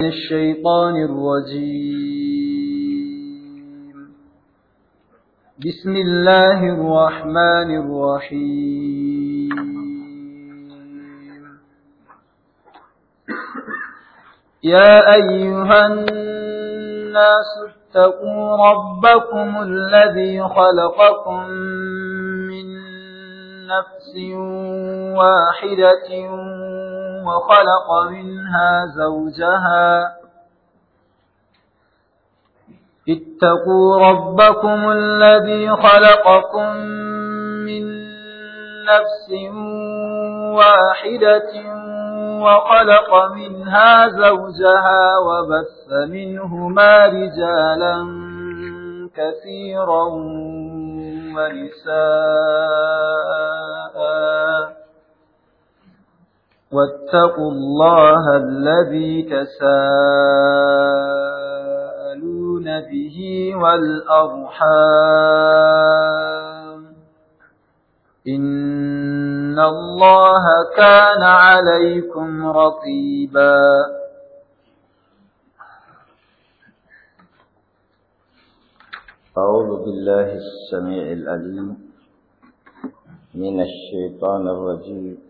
من الشيطان الرجيم بسم الله الرحمن الرحيم يا أيها الناس اتقوا ربكم الذي خلقكم من نفس واحدة وخلق منها زوجها اتقوا ربكم الذي خلقكم من نفس واحدة وخلق منها زوجها وبث منهما رجالا كثيرا ونساء واتقوا الله الذي تساءلون به والأرحام إن الله كان عليكم رقيبا أعوذ بالله السميع العليم من الشيطان الرجيم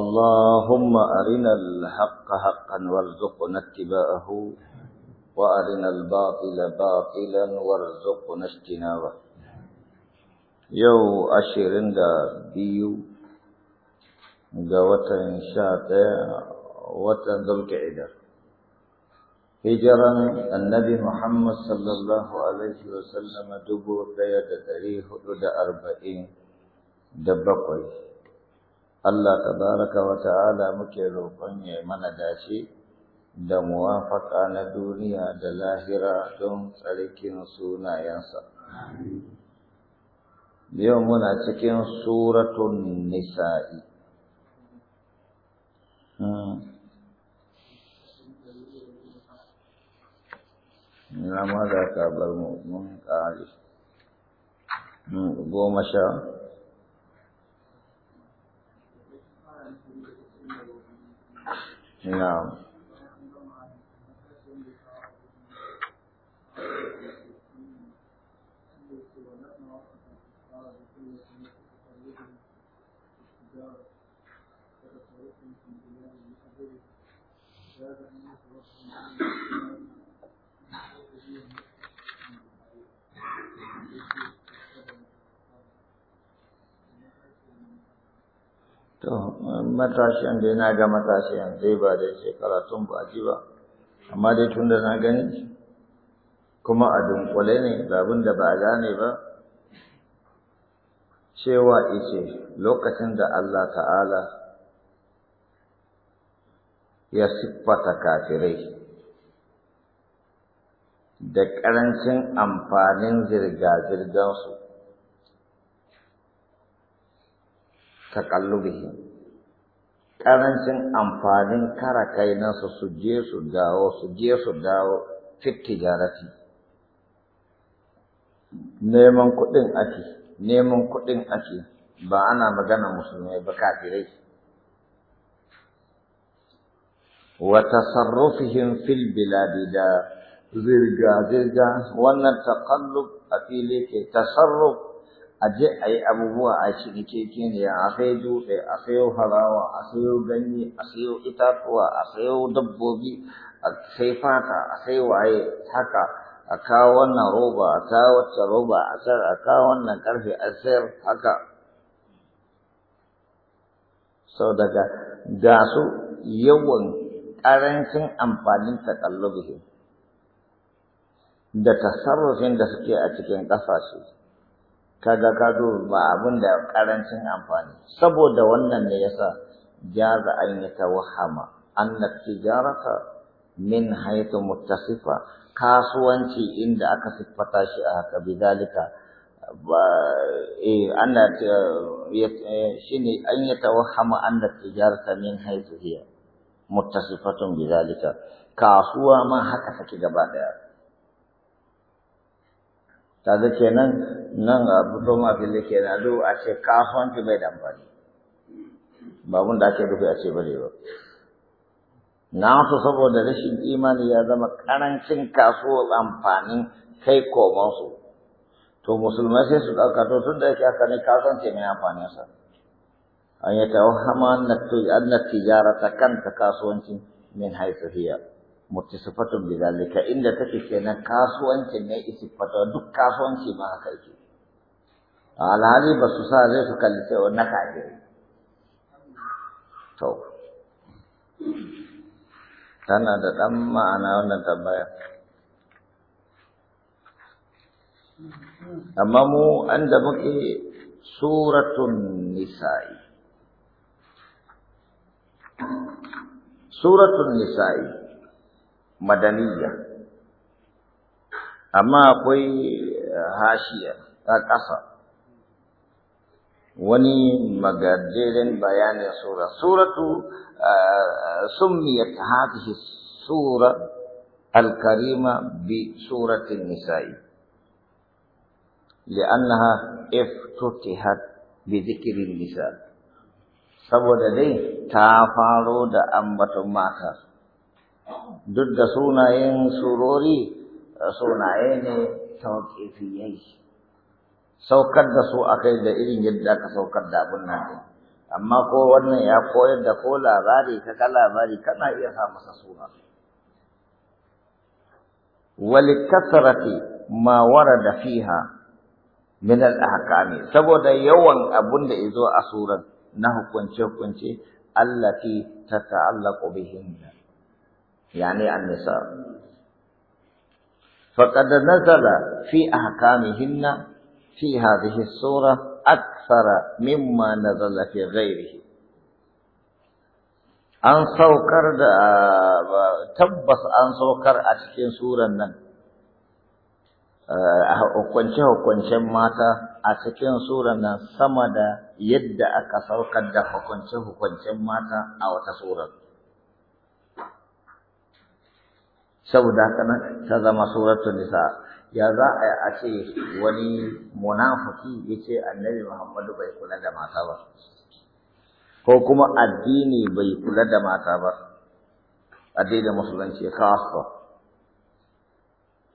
اللهم أرنا الحق حقا وارزقنا اتباعه وأرنا الباطل باطلا وارزقنا اجتنابه يو أشرين دا بيو قوة شاتا وطن ذو القعدة هجرا النبي محمد صلى الله عليه وسلم دبو قيادة تاريخ دا أربعين دبقوي Allah tabaraka wa ta'ala muke roƙon ya mana dace da muwafaka na duniya da lahira don tsarkin sunayensa. Yau muna cikin suratun nisa'i. Hmm. ma da ka bar mu mun ƙari. Hmm, goma sha. na'am matashiyan da yana ga matashiyan zai ba da shekara sun ba ji ba amma dai tun da na gani kuma a dunkule ne da da ba a gane ba cewa ice lokacin da Allah ta'ala ya siffata kafirai da ƙarancin amfanin zirga-zirgansu kallubihin ƙarancin amfanin kara kai nasu su je su dawo su je su dawo fit tijarati neman kuɗin ake neman kuɗin ake ba ana magana musulmai ba kafirai wa tasarrufihim fil biladi da zirga zirga wannan taqallub a fili ke tasarruf a je a yi abubuwa a shirkeke ne a sayo dutse a sayo harawa a sayo ganye a sayo itatuwa a sayo dabbobi a sai fata a sai waye haka a kawo wannan roba a kawo wacce roba a sayar a kawo wannan karfe a sayar haka sau daga gasu, yawan ƙarancin amfanin takallubihim da tasarrufin da suke a cikin ƙasashe kaga ka ba abin da karancin amfani saboda wannan ne yasa jaza an yatawahama anna tijarata min haythu muttasifa kasuwanci inda aka siffata shi a haka bidalika ba eh anna shine an yatawahama anna tijarata min haythu hiya muttasifatun bidalika kasuwa ma haka take gaba daya kaga kenan nan a ah, fito ma fili kenan a ce kafanci bai da amfani babun da ake rufe a ce bare ba na su saboda rashin imani ya zama karancin kasuwar amfanin kai koman su to musulmai sai su ɗauka to tun da yake haka ne kasance mai amfanin sa an yi tawahama an na tijarata kanta kasuwancin min haisu mutisifatun bi zalika inda take kenan kasuwancin ne isifata duk kasuwanci ma haka yake alhali ba su sa zai su kalli sai wannan kaje to tana da dan ma'ana wannan tambaya amma mu an da muke suratun nisa'i suratun nisa'i madaniya amma akwai eh, hashiya ta ƙasa wani magajeren bayanin sura suratu eh, summiyat hadhihi sura al-karima bi suratin nisa'i li'annaha iftutihat bi dhikri nisa saboda dai ta faro da ambaton mata duk da sunayen surori sunaye ne shi. saukar da su a kai da irin yadda ka saukar da abin nan ne amma ko wannan ya koyar da ko labari ka ka labari kana iya sa masa suna kasarati ma da fiha min al-ahkami saboda yawan abun da izo a surar na hukunce hukunce allati tata'allaqu bihinna يعني النساء فقد نزل في أحكامهن في هذه السورة أكثر مما نزل في غيره an saukar da tabbas an saukar a cikin suran nan hukunce-hukuncen mata a cikin suran nan sama da yadda aka saukar da hukunce-hukuncen mata a wata suran. saboda haka nan ta zama suratul nisa ya za a yi a ce wani munafiki yace annabi muhammadu bai kula da mata ba ko kuma addini bai kula da mata ba addinin musulunci khassa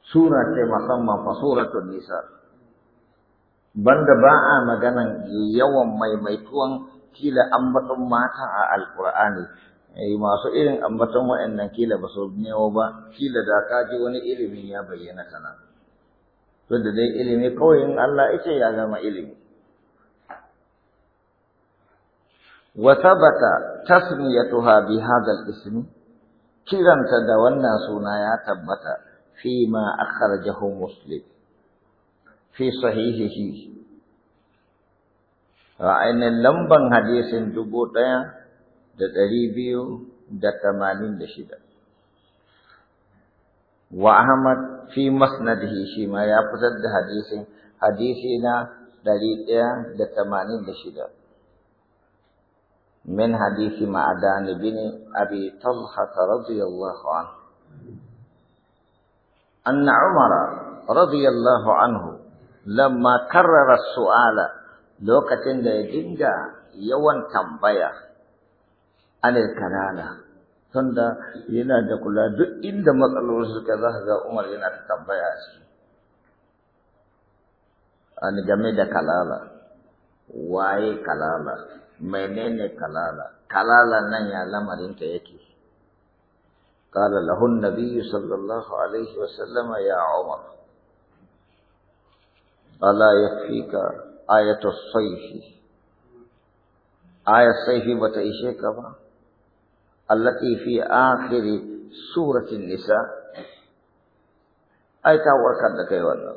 sura ce musamman fa suratul nisa banda ba a maganan yawan maimaituwan kila ambaton mata a alqur'ani Eh, masu irin ambatan wa'annan kila ba su nemo ba kila da ka ji wani ilimi ya bayyana kana to da dai ilimi kawai in Allah yake ya gama ilimi wa thabata tasmiyatuha bi hadha al-ism kiranta da wannan suna ya tabbata fi ma akhrajahu muslim fi sahihihi ra'ayin lamban hadisin dubu ɗaya da ɗari biyu da tamanin da shida. Wa Ahmad fi masnadihi shi ma ya fitar da hadisin hadisi na ɗari ɗaya da tamanin da shida. من حديث معدان بن أبي طلحة رضي الله عنه أن عمر رضي الله عنه لما كرر السؤال لوكتن دا يدنجا يوان تنبيه anil kalala tunda yana da kula duk inda matsalolin suka za ga Umar yana ta tambaya shi. an game da kalala waye kalala menene kalala kalala nan ya lamarin ta yake قال له النبي صلى الله عليه وسلم يا عمر ألا يكفيك آية الصيف آية الصيف ka بقى a في آخر سورة النساء أي تاوركar da kai wannan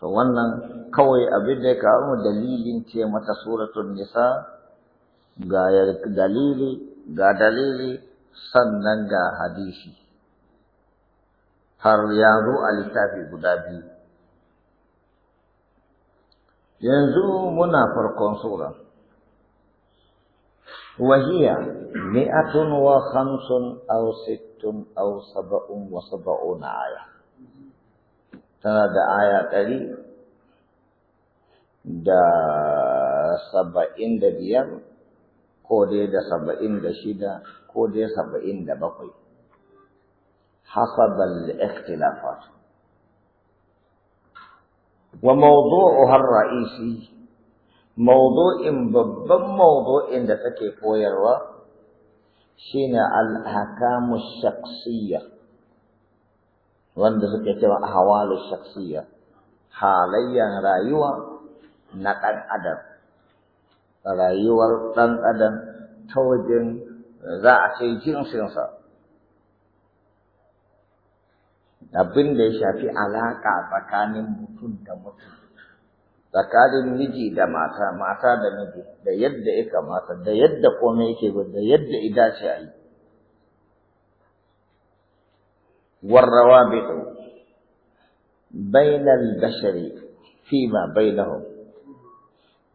to wannan kawai abin da ya kawo dalilin ce mata suratul nisa ga dalili ga dalili sannan ga hadisi har ya zo a littafi guda biyu yanzu muna farkon sura وهي مئة وخمس أو ست أو سبع وسبعون آية تنادى آية تلي دا سبعين دا بيار كودي دا سبعين دا شيدا كودي سبعين دا بقي حسب الاختلافات وموضوعها الرئيسي mawdu'in babban mawdu'in da take koyarwa shine al-ahkamu shakhsiyya wanda suke cewa ahwalu shakhsiyya halayyan rayuwa na dan adam rayuwar dan adam ta wajen za a ce jinsinsa abin da ya shafi alaƙa tsakanin mutum da mutum tsakanin miji da mata mata da miji da yadda ya kamata da yadda komai yake da yadda ya dace a yi bai ɗau, bainar بين البشر bai بينهم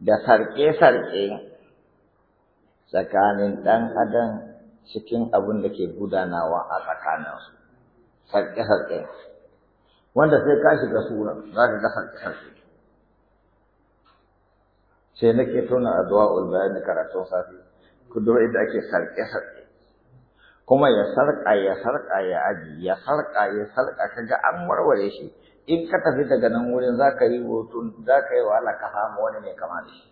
da sarƙe-sarƙe tsakanin ɗan adam cikin abin da ke gudanawa a tsakaninsu sarƙe-sarƙe wanda sai ka shiga sura za ka ga sarƙe-sarƙe sai nake tona addu'a'ul bayan karatun safi ku inda ake sarƙe sarƙe kuma ya sarƙa ya sarƙa ya aji ya sarƙa ya sarƙa kaga an warware shi in ka tafi daga nan wurin za ka yi hutun za ka yi wahala ka samu wani mai kama da shi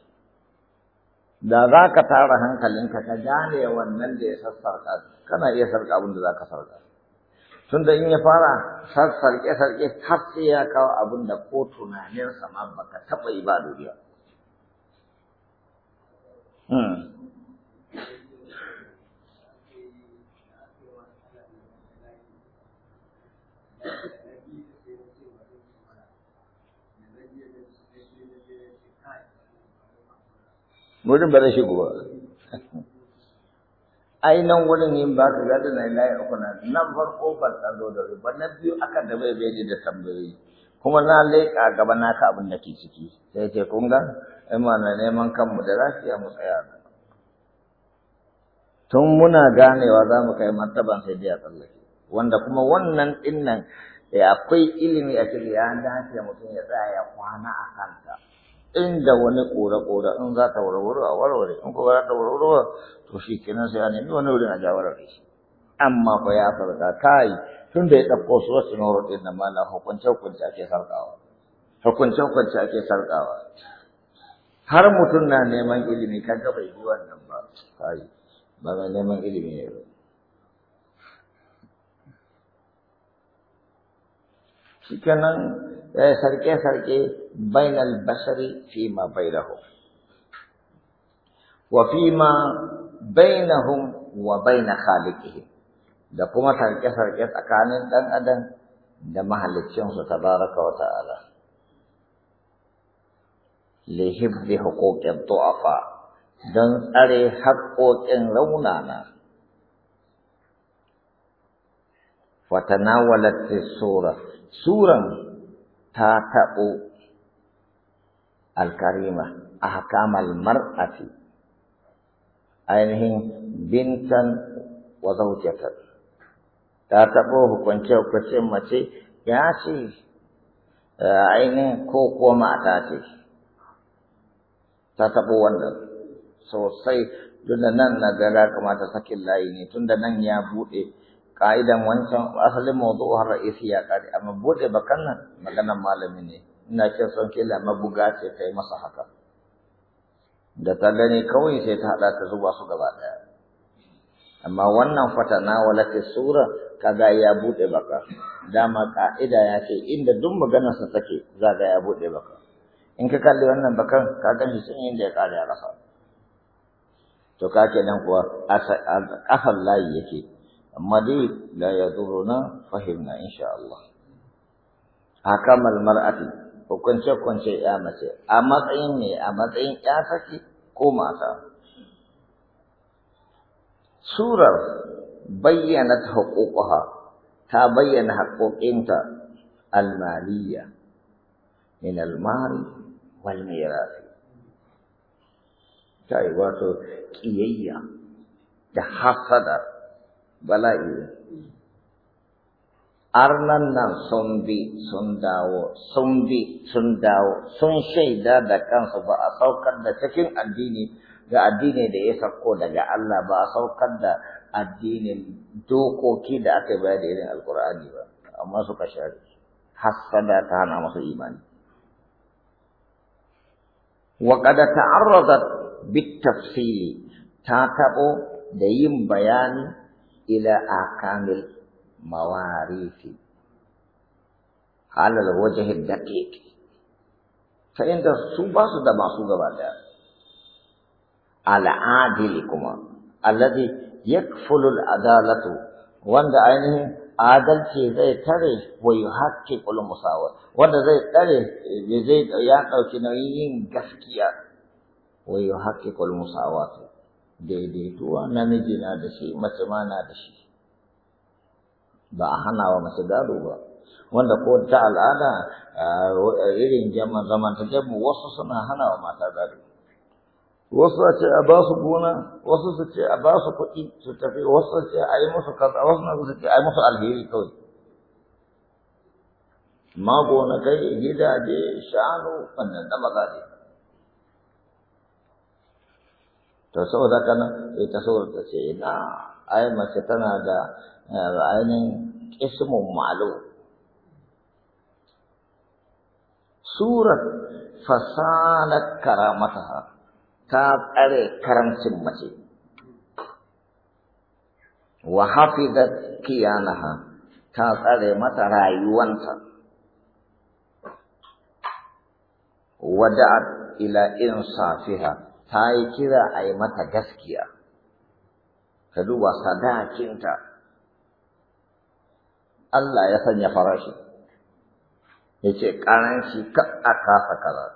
da za ka tara hankalinka ka gane wannan da ya sassarƙa kana iya sarƙa abin da za ka sarƙa tun da in ya fara sassarƙe-sarƙe har sai ya kawo abin da ko tunaninsa ma baka taɓa yi ba duniya. 嗯。wurin ba zai shigo ba ai nan wurin yin ba ka gada na ilayi uku na nan farko ban tsaro da ba na biyu aka da bai bai da tambayi kuma na leƙa gaba na ka abin da ke ciki sai ce kun ga na neman kanmu da lafiya mu tsaya tun muna ganewa za mu kai martaban sai biya tsallake wanda kuma wannan dinnan da eh, akwai ilimi a cikin ya dace mutum ya tsaya ya kwana a kanta inda wani ƙura-ƙura in za ta warware a warware in kuma za ta warware to shi kenan sai a nemi wani wurin a ja da shi amma fa ya farka kai tun da ya ɗauko su wasu noro ɗin da mala hukunce-hukunce ake sarƙawa hukunce-hukunce ake sarƙawa har mutum na neman ilimi kaga bai yi wannan ba kai ba mai neman ilimi ne ba shikenan sarke-sarke bainal basari fi ma bainahum wa fi ma bainahum wa baina khaliqihim da kuma sarke-sarke tsakanin dan adam da mahaliccinsu tabaraka wa ta'ala lihibbi haƙoƙin du'afa don tsare haƙoƙin na Fatanawalat sura, suran ta taɓo alkarima a al mar'afi, ainihin bintan wa zaujatar. Ta taɓo hukunce-hukuncen mace ya ce, ainihin ko kuma mata ce. ta taɓo wannan sosai tunda nan na ga kamata sakin layi ne tunda nan ya buɗe ƙa'idan wancan asalin mawdu'u har ra'isi ya kare amma bude bakan nan maganan malami ne ina ce son kila mabuga ce kai masa haka da ta gani kawai sai ta hada ta zuba su gaba daya amma wannan fatana walati sura kaga ya buɗe baka dama ƙa'ida ya ce inda duk maganarsa sa take zaga ya bude baka in ka kalli wannan bakan ka gan shi sun inda ya kare a ƙasa to ka ce nan kuwa a ƙasan layi yake amma dai la ya zuru na fahimna insha Allah kamar mar'ati hukunce hukunce ya mace a matsayin ne a matsayin ya saki ko mata surar bayyana ta huquqaha ta bayyana hukukinta almaliya min wal mirasi kai wato kiyayya da hasada bala'i arnan nan sun bi sun dawo sun bi sun dawo sun shaida da kansu ba a saukar da cikin addini ga addini da ya sauko daga Allah ba a saukar da addinin dokoki da aka bayar da irin alkur'ani ba amma suka share hassada ta hana masu imani وقد تعرضت بالتفصيل تاتبو دين بيان إلى أحكام المواريث على الوجه الدقيق فإن الصوبة صدى معصوبة بعدها على عادلكما الذي يكفل العدالة وند عينه adalci zai tare wa yuhaqqiqul musawar wanda zai tare zai ya ɗauki nayin yin gaskiya wa yuhaqqiqul musawat daidaituwa namiji na da shi mace ma na da shi ba a hana wa mace gado ba wanda ko ta al'ada irin zaman zamantakewa wasu suna hana wa mata gado wasu a ce a ba su gona wasu su ce a ba su kuɗi su tafi wasu su ce a yi musu kaza wasu su ce a yi musu alheri kawai mako na kai gidaje shanu wannan da maza ne to saboda kana ita saboda ta ce ina ai mace tana da ainihin ismun malo surat fasalat karamataha ta tsare karancin mace wa hafizat kiyanaha ta tsare mata rayuwanta wada'at ila insafiha ta yi kira a yi mata gaskiya ka duba sadakinta Allah ya sanya farashi ya ce ƙaranci ka a kasa kaza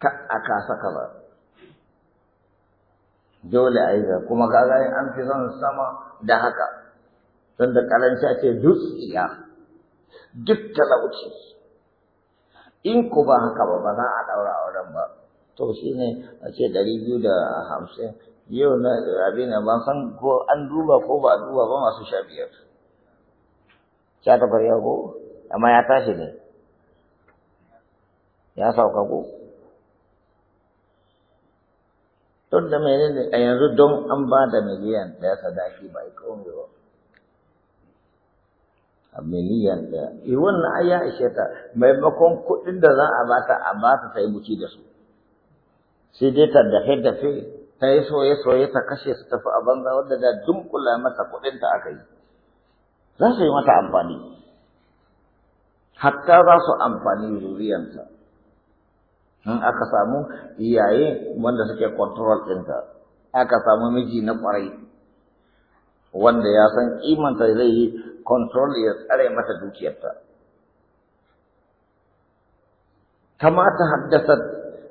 ka a kasa ba dole a yi kuma kaga an fi son sama da haka don da karanci ce dutsiya duk talauci in ku ba haka ba ba za a ɗaura auren ba to shi ne a ce ɗari biyu da hamsin yau na rabi ne ban san ko an duba ko ba duba ba masu sha biyar sha takwas ya ko amma ya tashi ne ya sauka ko don da ne a yanzu don an ba da miliyan ɗaya sadaki ba ya kawo ba a miliyan ɗaya Yi eh, wannan ai ya ishe ta maimakon kuɗin da za a bata a bata ta yi buki da su sai dai ta dafe dafe ta yi soye soye ta kashe su tafi a banza wadda da dunkula mata kuɗin ta aka yi za su yi mata amfani hatta za su amfani zuriyanta in aka samu iyaye wanda suke control ɗinka aka samu miji na ƙwarai wanda ya san kimanta zai yi control ya tsare mata dukiyarta kama ta haddasa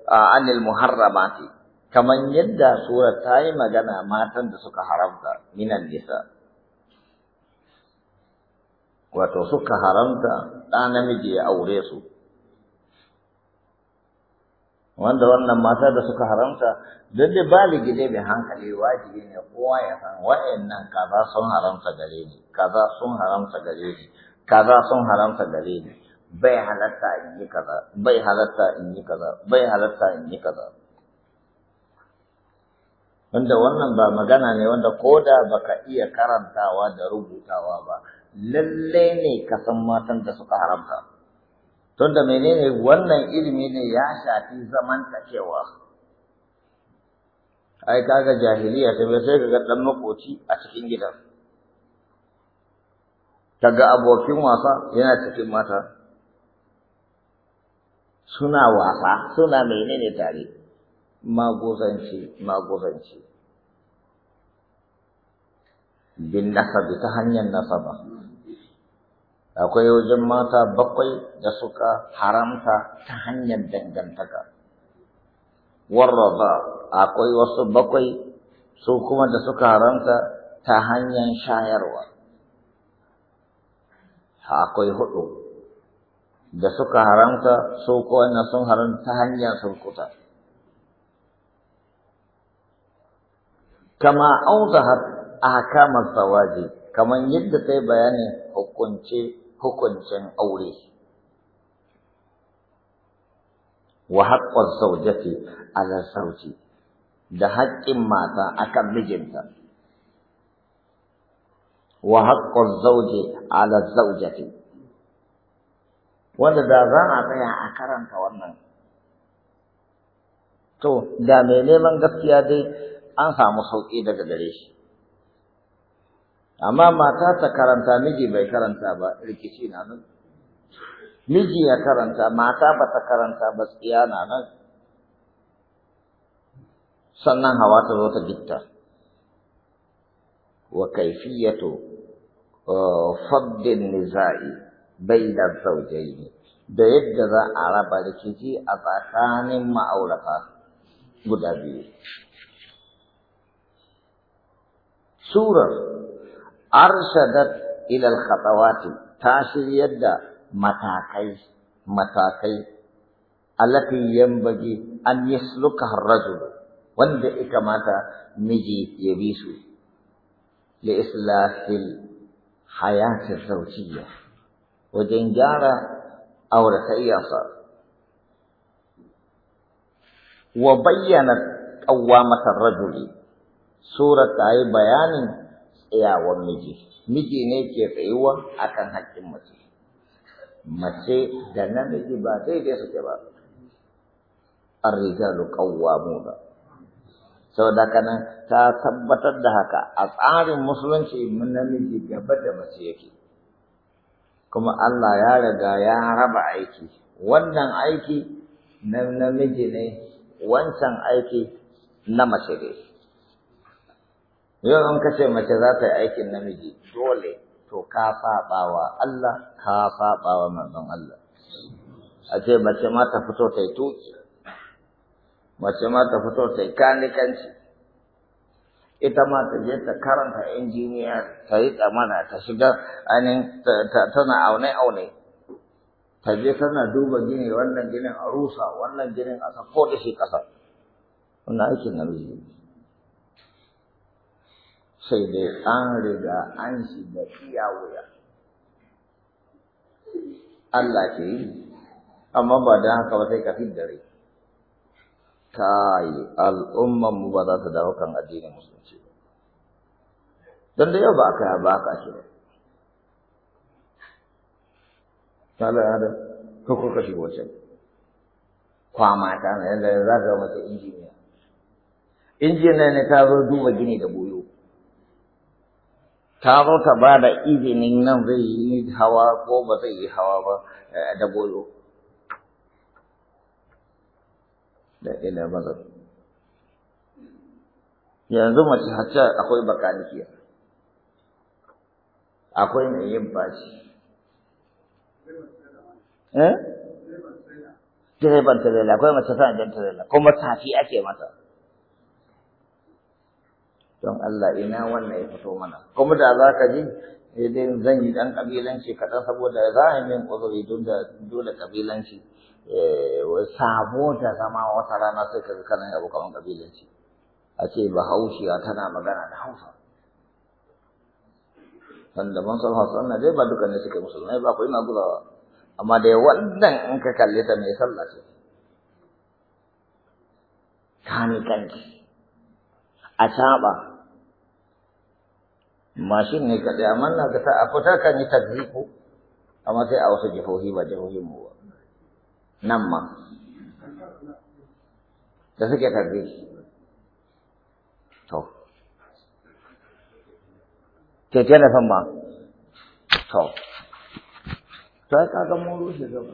a anil muharramati kamar yadda sura ta yi magana matan da suka haramta minan nisa wato suka haramta ɗa namiji ya aure su wanda wannan mata da suka haramta duk da baligi ne mai hankali wajibi ne kowa ya san wa'annan kaza sun haramta gare ni kaza sun haramta gare ni kaza sun haramta gare ni bai halatta in yi kaza bai halatta in yi kaza bai halatta in yi kaza wanda wannan ba magana ne wanda ko da baka iya karantawa da rubutawa ba lalle ne ka san matan da suka haramta don da menene wannan ilimi ne ya shafi zaman zamantakewa ai kaga jahiliya ta sai ga dan makoci a cikin gidan kaga abokin wasa yana cikin mata suna wasa suna menene tare magozanci magozanci bin nasabi ta hanyar nasaba akwai wajen mata bakwai da suka haramta ta hanyar dangantaka warraba akwai wasu bakwai su kuma da suka haramta ta hanyar shayarwa akwai hudu da suka haramta su kuma sun haramta ta hanyar surkuta kama auzahat ahkamar zawaji kamar yadda ta yi bayanin hukunce hukuncin aure wa haƙƙon zaujati ala sauti da haƙƙin mata akan mijinta wa haƙƙon zauje ala zaujati wanda da za a tsaya a karanta wannan to da mai neman gaskiya dai an samu sauƙi daga gare shi amma mata ta karanta miji bai karanta ba rikici na nan miji ya karanta mata ba ta karanta ba tsiya na nan sannan hawa ta zo ta gitta wa kaifiyatu uh, faddin niza'i baina ne da yadda za a raba rikici a tsakanin ma'aurata guda biyu surar أرشدت إلى الخطوات تاشي يد متاكي متاكي التي ينبغي أن يسلكها الرجل وند إكماتا مجي يبيسو لإصلاح الحياة الزوجية وجنجارة أو رسيصة وبينت قوامة الرجل سورة أي بيان iyawan miji miji ne ke tsayuwa akan haƙƙin mace mace da namiji ba dai suke ba arrijalu qawwamuna saboda kana ta tabbatar da haka a tsarin musulunci mun namiji gaba da mace yake kuma Allah ya riga ya raba aiki wannan aiki na namiji ne wancan aiki na mace ne yau in ce mace za ta yi aikin namiji dole to ka saɓawa Allah ka saɓawa manzon Allah a ce mace ma ta fito ta yi tuki mace ma ta fito ta yi kanikanci ita ma ta je ta karanta injiniya ta yi tsamana ta shiga ainihin tana aune-aune ta je tana duba gini wannan ginin a rusa wannan ginin a sako da shi ƙasa wannan aikin namiji sai dai an riga an shiga iya wuya Allah ke yi amma ba da haka ba sai ka fiddare kai al'umman mu ba za ta dawo kan addinin musulunci ba don da yau ba ka ba ka shi ba Sala Adam, da ko shi wacce. Kwamata na yadda za ka mace injiniya. Injiniya ne ta zo duba gini da gobe. ta zo ta ba da izinin nan zai yi hawa ko ba zai yi hawa ba eh, da goyo da ila mazar yanzu mace hacca akwai bakanikiya akwai mai yin bashi eh direban tirela akwai mace sa jan tirela kuma safi ake mata don Allah ina wannan ya fito mana kuma da za ka ji idan eh, zan yi dan kabilanci kaɗan saboda za a min uzuri da dole kabilanci eh, sabo da zama wata rana sai ka kana abu kaman kabilanci a ce bahaushiya tana magana da hausa wanda ban san hausa na dai ba dukkan ne suke musulmai ba ina gudawa. amma dai wannan in ka kalle ta mai sallah ce kanki a saba mashin ne kaɗai amma na ga ta a fitar kan yi takziku amma sai a wasu jihohi ba jihohin mu ba nan ma da suke takziki to keke na san ba to sai ka ga mun rushe gaba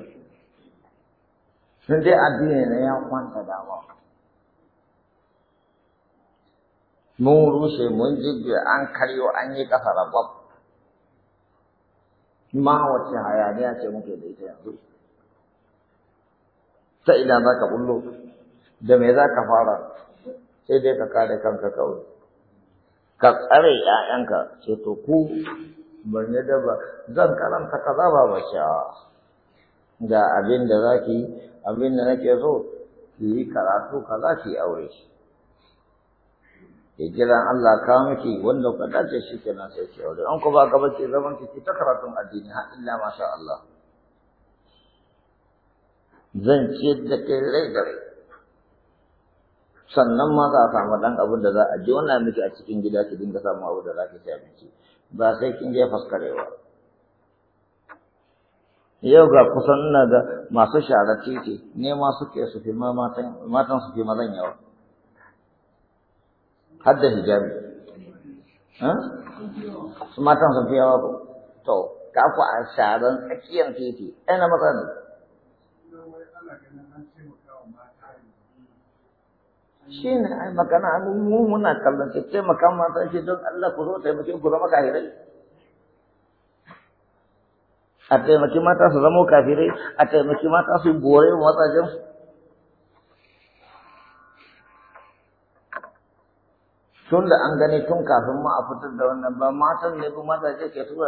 sun dai addini ne ya kwanta dama mun rushe mun jijjiya an karyo an yi ƙasa rabab ma wace hayaniya ce muke da ita yanzu ta ina za ka bullo da me za ka fara sai dai ka kare kanka kawai ka tsare ‘ya'yanka ce to ku ban yi daba zan karanta zaba ba shawa ga abin da za ki abin da nake so ki yi karatu kaza ki aure shi ya jira Allah ka miki wannan ka shi ke nan sai ke aure an ku ba ka bace zaman ki ta karatun addini ha illa masha Allah zan ce da kai rai da rai sannan ma za a samu dan abin da za a ji wannan miki a cikin gida ki dinga samu abu da za ki ci abinci ba sai kin je faskarewa yau ga kusan ina da masu shara titi ne ma suke su fi matan su fi mazan yawa har da hijabi su matan sun fiya wa ko to ka ku a sharan tsakiyar titi ɗaya na maza ne shi ne ai makana mu muna kallon ce taimakan mata ce don Allah ku zo taimakin ku zama kahirai a taimaki mata su zama kafirai a taimaki mata su bore mazajen su tun da an gani tun kafin ma a fitar da wannan ba matan ne kuma mata ce ke tura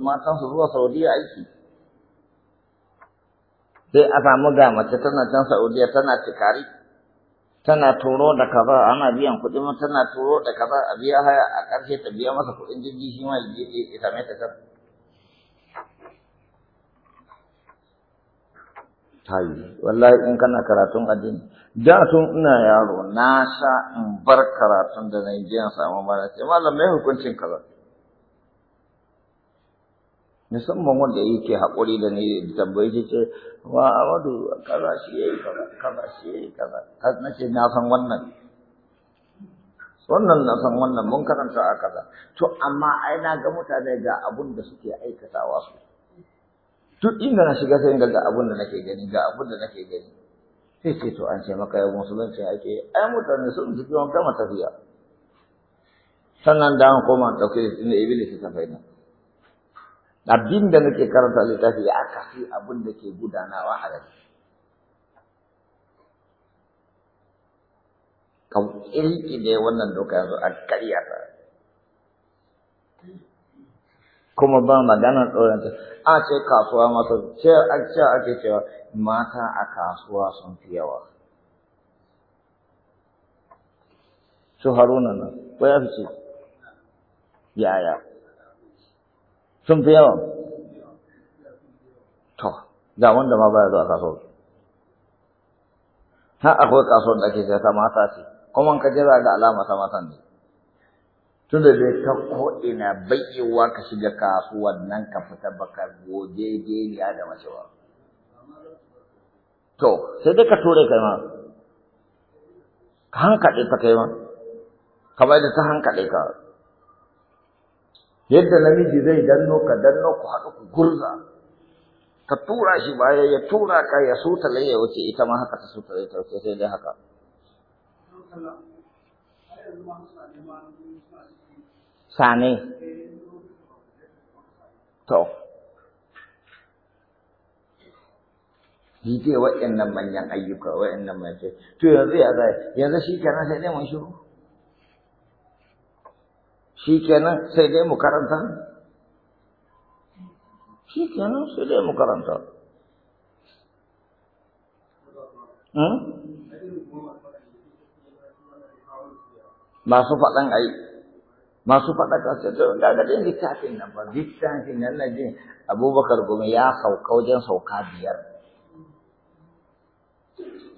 matan su zuwa saudiya aiki sai a samu ga mace tana can saudiya tana tikari tana turo da kaza ana biyan kuɗi ma tana turo da kaza a biya haya a ƙarshe ta biya masa kuɗin jirgi shi ma ya same ta can tayi wallahi in kana karatun addini da tun ina yaro na sha in bar karatun da na yi samu mana ce malam mai hukuncin kaza musamman wanda yake haƙuri da ni da tambayi ce ce wa amadu kaza shi yi kaza kaza shi yi kaza har na ce na san wannan wannan na san wannan mun karanta a kaza to amma ai na ga mutane ga abun da suke aikatawa su duk inda na shiga sai ga abun da nake gani ga abun da nake gani sai ce to an ce maka yau musulunci ake ai mutane sun ji wani gama tafiya sannan da an koma ɗauke da ibili su tafai na abin da nake karanta littafi ya kasi abin da ke gudanawa a kan ka kirkide wannan doka yanzu a karya ta kuma ba maganar ɗoranta a ce kasuwa masu ce a ce ake cewa mata a kasuwa sun fi yawa. Su haruna nan, ko ya fi ce, yaya, sun fi yawa. To, ga wanda ma baya zuwa kasuwa. Ha akwai kasuwar da ake ta mata ce, kuma ka jira ga alama ta matan ne. tunda dai ta ko'ina bai'ewa ka shiga kasuwar nan ka fita baka goje ya da mace ba. to sai dai ka ture kai ma ka hankaɗe ta kai ma ka bai da ta hankaɗe ka yadda namiji zai danno ka danno ku haɗu ku gurza ka tura shi baya ya tura ka ya sutale ya wuce ita ma haka ta sutale ta wuce sai dai haka sane to shi ke wa'annan manyan ayyuka wa'annan manyan to yanzu ya zai yanzu shi kenan sai dai mun shiru shi kenan sai dai mu karanta shi kenan sai dai mu karanta hmm? masu faɗan ai masu faɗa kasu to da ga dai littafin nan ba littafin nan na jin abubakar gumi ya sauka wajen sauka biyar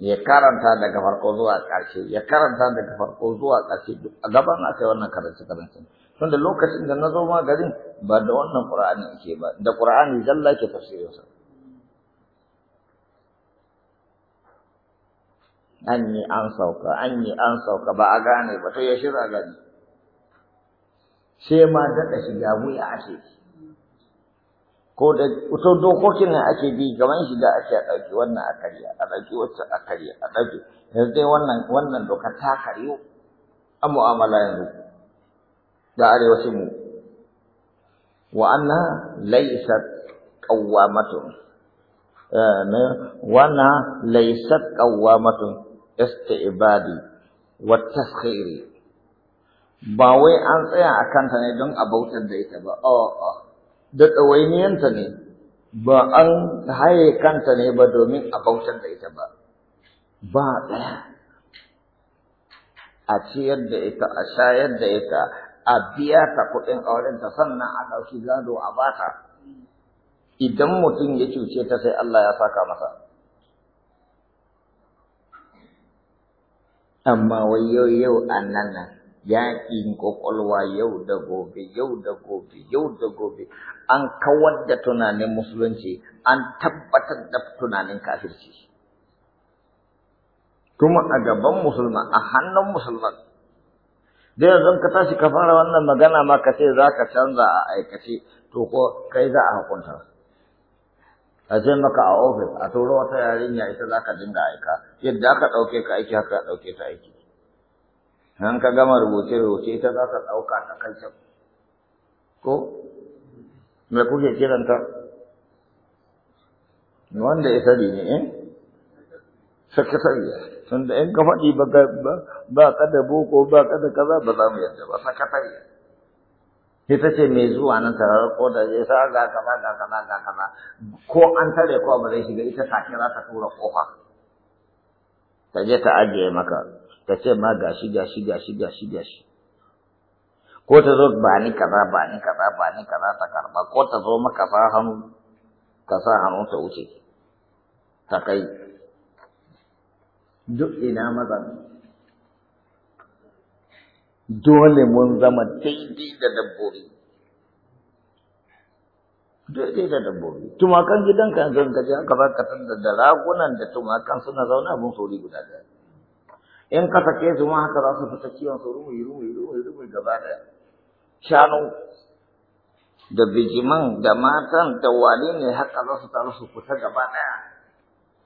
ya karanta daga farko zuwa ƙarshe ya karanta daga farko zuwa ƙarshe a gaban na sai wannan karance karance tun lokacin da na zo ma garin ba da wannan qur'ani ake ba da qur'ani zalla ke tafsirin sa an yi an sauka an yi an sauka ba a gane ba sai ya shirya gani sai ma daɗa shiga wuya a shi ko da wato dokokin nan ake bi gaban da ake a ɗauki wannan a karya a ɗauki wacce a karya a ɗauki yanzu dai wannan wannan doka ta kariyo a mu'amala yanzu da arewacin mu wa anna laysat qawwamatun eh, wa anna laysat qawwamatun isti'badi wa tasghiri ba wai an tsaya a kanta ne don a bautar da ita ba oh. da ɗawainiyanta ne ba an haye kanta ne ba domin a bautar da ita ba ba ɗaya a ciyar da ita a shayar da ita a biya ta kuɗin aurenta sannan a ɗauki gado a bata idan mutum ya cuce ta sai Allah ya saka masa amma wai yau yau a nan nan yaƙin ƙwaƙwalwa yau da gobe, yau da gobe, yau da gobe, an kawar da tunanin musulunci, an tabbatar da tunanin kafirci. Kuma a gaban musulman, a hannun musulman, da yanzu ka tashi ka fara wannan magana ma ka ce za ka canza a aikace, to ko kai za a hukunta. a ce maka a ofis a turo wata yarinya ita za ka dinga aika yadda aka ɗauke ka aiki haka ɗauke ta aiki nan ka gama rubuce-rubuce ita za ka ɗauka ta kai can ko me kuke kiranta wanda ya sani ne eh sani tunda in ka faɗi ba ba kada da boko ba kada da kaza ba za mu yadda ba sakatariya ita ce mai zuwa nan tarar ko da ya sa ga kaza ga kaza ga kaza ko an tare ko ba zai shiga ita sakira ta tura kofa ta je ta ajiye maka ta ce ma gashi gashi gashi gashi gashi ko ta zo ba ni kaza ba ni kaza ba ni kaza ta karba ko ta zo maka sa hannu ka sa hannu ta wuce ta kai duk ina maza dole mun zama daidai da dabbobi daidai da dabbobi tumakan gidanka yanzu ka je aka baka da ragunan da tumakan suna zaune abin sauri guda ɗaya in ka sake su ma haka za su fita ciwon su rumi rumi rumi rumi gaba daya shanu da bijiman da matan da wali ne haka za su taru su fita gaba daya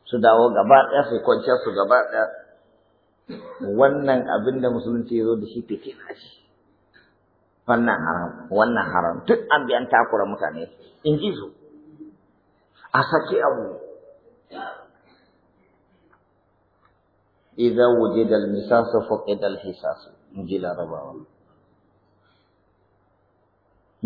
su dawo gaba daya su kwanciya su gaba daya wannan abin da musulunci ya zo da shi na shi. wannan haram wannan haram duk an biyan takura mutane in ji su a sake abu Iza wujida al-misas fuqida al-hisas ji larabawa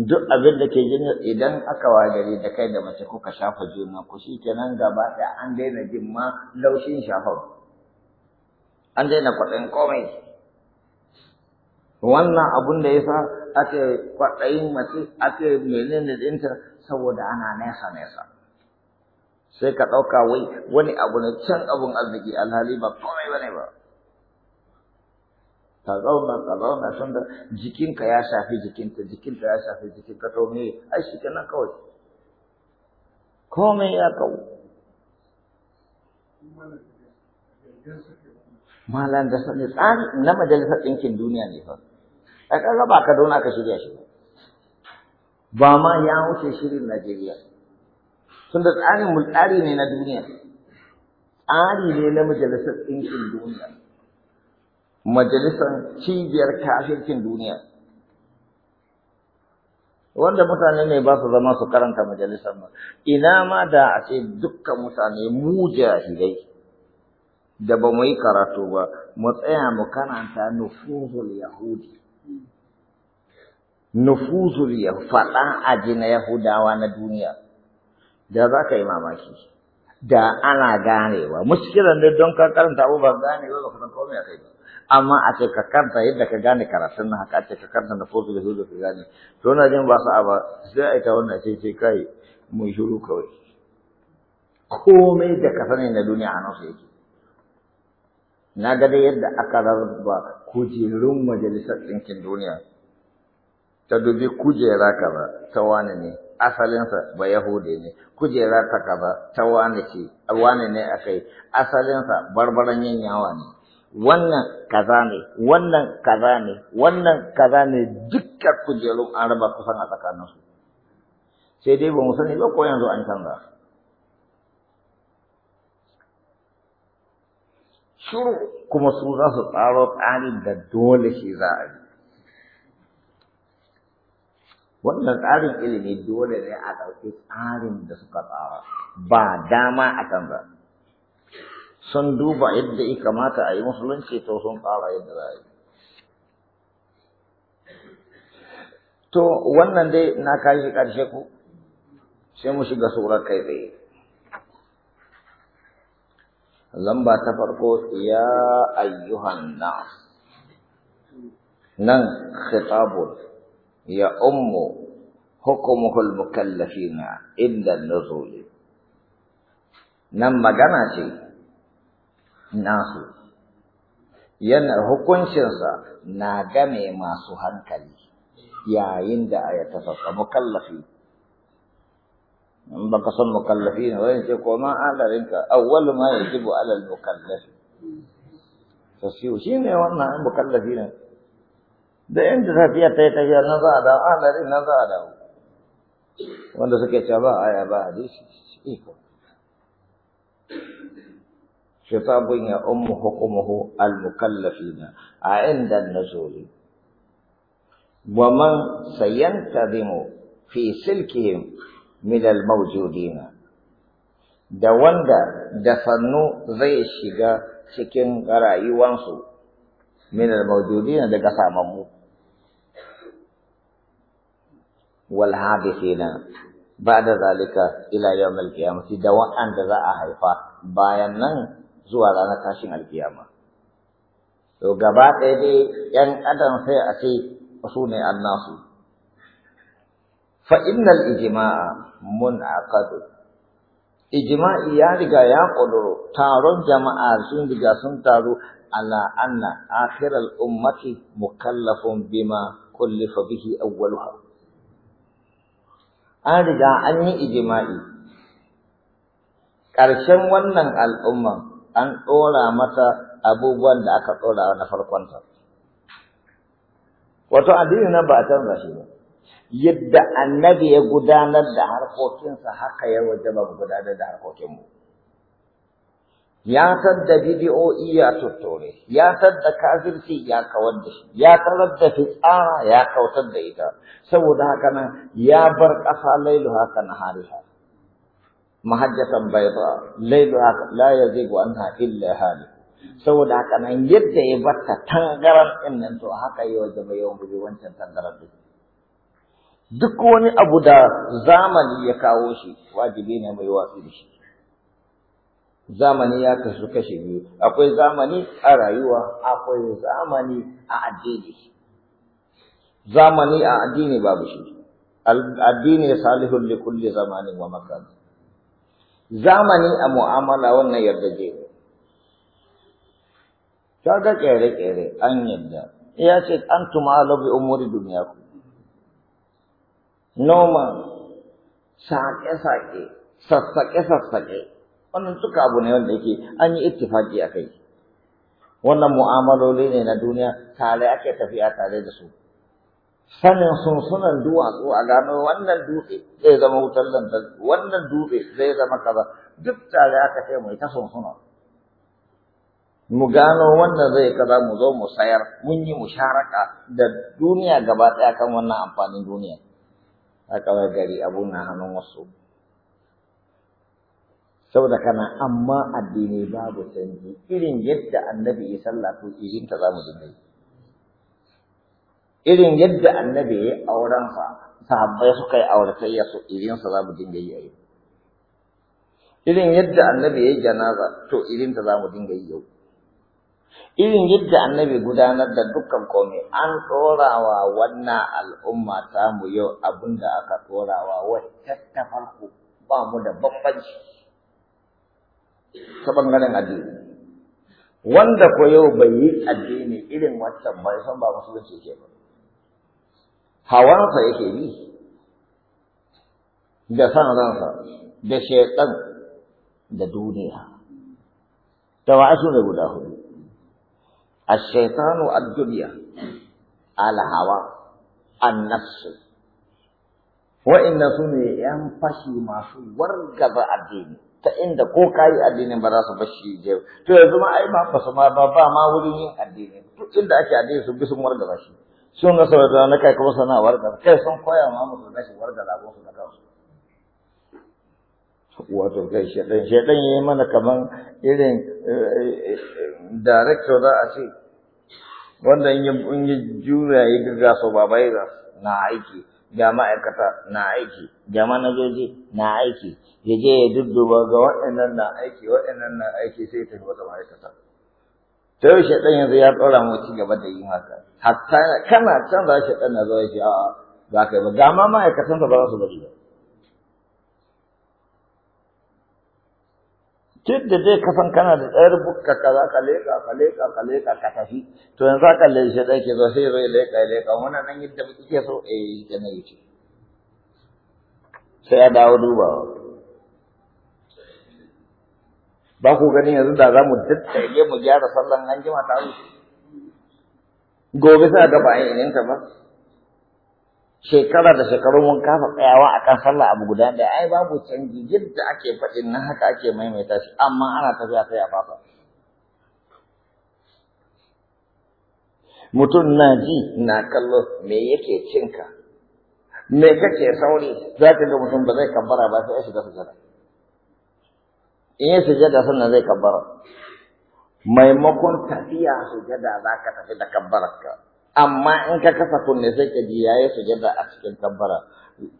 duk abin da ke jin idan aka wagari da kai da mace kuka shafa juna ku shi kenan gaba da an daina jin ma laushin shafa an daina kwaɗayin komai wannan abun da yasa ake kwaɗayin mace ake menene ɗinta saboda ana nesa nesa sai ka ɗauka wai wani abu ne can abun arziki alhali ba komai ne ba Ta zauna ta zauna da jikinka ya shafi jikinta jikinta ya shafi jikinka to me ai shi kenan kawai komai ya kawo malan da sani tsari na majalisar ɗinkin duniya ne fa a ƙarƙa ba ka dauna ka shirya shi ba ma ya wuce shirin najeriya da tsarin mu ne na duniya tsari ne na majalisar ɗinkin duniya majalisar cibiyar kafirkin duniya wanda mutane ne ba su zama su karanta majalisar mu ina ma da a ce dukkan mutane mu jahilai da ba mu yi karatu ba mu tsaya mu karanta nufuzul yahudi nufuzul ya faɗa aji na yahudawa na duniya da za ka yi mamaki da ana ganewa muskilan ne don ka karanta abu ba ganewa ba ka komai a kai ba amma a ce ka karanta yadda ka gane karatun na haka a ce ka karanta na fosu da hudu ka gane to na jin ba su a ba sai a ita wannan ce ce kai mu shiru kawai komai da ka sani na duniya a nan su na ga dai yadda aka rarraba kujerun majalisar ɗinkin duniya ta dubi kujera kaza ta wani ne asalinsa ba Yahudi ne, kujera ta kaza ta wani ce, wani ne a kai, asalinsa barbaran yanyawa ne, wannan kaza ne, wannan kaza ne, wannan kaza ne dukka kujeru an raba kusan a tsakaninsu. Sai dai ba mu sani ba ko yanzu an canza. Shuru kuma su za su tsaro tsarin da dole shi za a yi. wannan tsarin ilimi dole ne a ɗauki tsarin da suka tsara ba dama a kan ba sun duba yadda ya kamata a yi musulunci to sun tsara yadda za a yi to wannan dai na kashi ƙarshe ku sai mu shiga surar kai tsaye lamba ta farko ya ayyuhan nan khitabun ya ummu hukumuhul mukallafina inda nuzuli nan magana ce nasu yana hukuncinsa na game masu hankali yayin da ya tafasa mukallafi in baka san mukallafi ne wani ce koma alarinka awwal ma yajibu alal mukallafi to shi ne wannan mukallafi ne da inda tafiya ta yi tafiya na za a dawo a lari na za a dawo wanda suke cewa a ya ba a dishi iko shi ta bunya an mu hukumu al mukallafi a inda na zoli wa man sayanta dimu fi silkihim min al mawjudina da wanda da fannu zai shiga cikin rayuwansu min al mawjudina daga samammu wal hadithina ba'da zalika ila yawm al da wa'anda za a haifa bayan nan zuwa ranar tashin al qiyama to gaba ɗaya dai yan adam sai a ce su ne annasu fa innal ijma'a munaqadu ijma'i ya riga ya ƙuduro taron jama'a sun riga sun taru ala anna akhiral ummati mukallafun bima kullifa bihi awwaluha an riga an yi ijima'i ƙarshen wannan al'umman an ɗora mata abubuwan da aka ɗora na farkon ta. wato addini na ba a canza shi ba yadda annabi ya gudanar da harkokinsa haka ya wajaba gudanar da harkokinmu ya san da bidiyo'i ya tuttore ya san da kafirci ya kawar da shi ya tarar da fitsara ya kautar da ita saboda haka nan ya bar ƙasa lailu haka na hariha mahajjatan ba, lailu haka la yazigu anha illa hali saboda haka nan yadda ya batta tangaran din nan to haka yi da mai yawan guje wancan tangarar din duk wani abu da zamani ya kawo shi wajibi ne mai watsi da shi zamani ya kasu kashe biyu akwai zamani a rayuwa akwai zamani a addini zamani a addini babu shi addini salihun li kulli zamanin wa makan zamani a mu'amala wannan yarda je kaga kere kere an yadda. ya ce antum ala bi umuri dunyaku noma sake sake sassake sassake wannan duka abu ne wanda yake an yi ittifaki a kai wannan mu'amaloli ne na duniya tare ake tafiya tare da su sanin sunsunan duwatsu a gano wannan dutse zai zama wutar lantarki wannan dutse zai zama kaza duk tare aka ce mai ta sunsuna mu gano wannan zai kaza mu zo mu sayar mun yi musharaka da duniya gaba ɗaya kan wannan amfanin duniya a kawai gari abu na hannun wasu saboda kana amma addini babu canji irin yadda annabi ya sallah to irin ta zamu dinga yi irin yadda annabi ya auren su sahabbai suka yi auratayya so, irin sa zamu dinga yi yau irin yadda annabi ya yi janaza to irin ta zamu dinga yi yau irin yadda annabi gudanar da dukkan komai an tsorawa wannan al'umma tamu yau abinda aka tsorawa wacce ta farko ba mu da bambanci ta ɓangaren addini wanda ko yau bai yi addini irin wancan bai san ba musulunci ke ba hawansa yake bi da san ransa da shaitan da duniya asu ne guda hudu الشيطان الدنيا الهوى النفس wa'inda su ne ‘yan fashi masu wargaba addini. ta inda ko kayi addinin ba za su bar shi je to yanzu ma ai ba su ma ba ba ma wurin yin addini duk inda ake addini su bi sun wargaza shi sun ga da na kai kuma sana warga kai sun koya ma musu da shi warga da su da kansu wato kai shedan ya yayi mana kaman irin eh, eh, director za a ce wanda in yi jura ya gaga so ba bai na aiki ga ma'aikata na aiki ga manajoji na aiki ya je ya dudduba ga waɗannan na aiki waɗannan na aiki sai ta wata ma'aikata ta yau shaɗan yanzu ya ɗora mu ci gaba da yin haka hatta kana can za shaɗan na zo ya ce a'a za ka ba ga ma ma'aikatansa ba za su bari ba duk da zai kasan kana da tsayar bukka ka za ka leƙa ka leƙa ka leƙa ka tafi to yanzu aka leƙa shi ɗaki zo sai zai leƙa ya leƙa wani nan yadda muke ke so a yi ta na yi ce sai ya dawo dubawa ba ku gani yanzu da za mu dattaye mu gyara sallan an jima ta gobe sai a gaba a yi ba shekara da shekaru mun kafa tsayawa akan sallah abu guda da ai babu canji yadda ake faɗin na haka ake maimaita shi amma ana tafiya sai a fafa mutum na ji na kallo me yake cinka me kake sauri za ka ga mutum ba zai kabbara ba sai ya shiga sujada in ya sujada sannan zai kabbara maimakon tafiya sujada za ka tafi da kabbararka amma in ka kasa kunne sai ka ji yayi sujada a cikin kabbara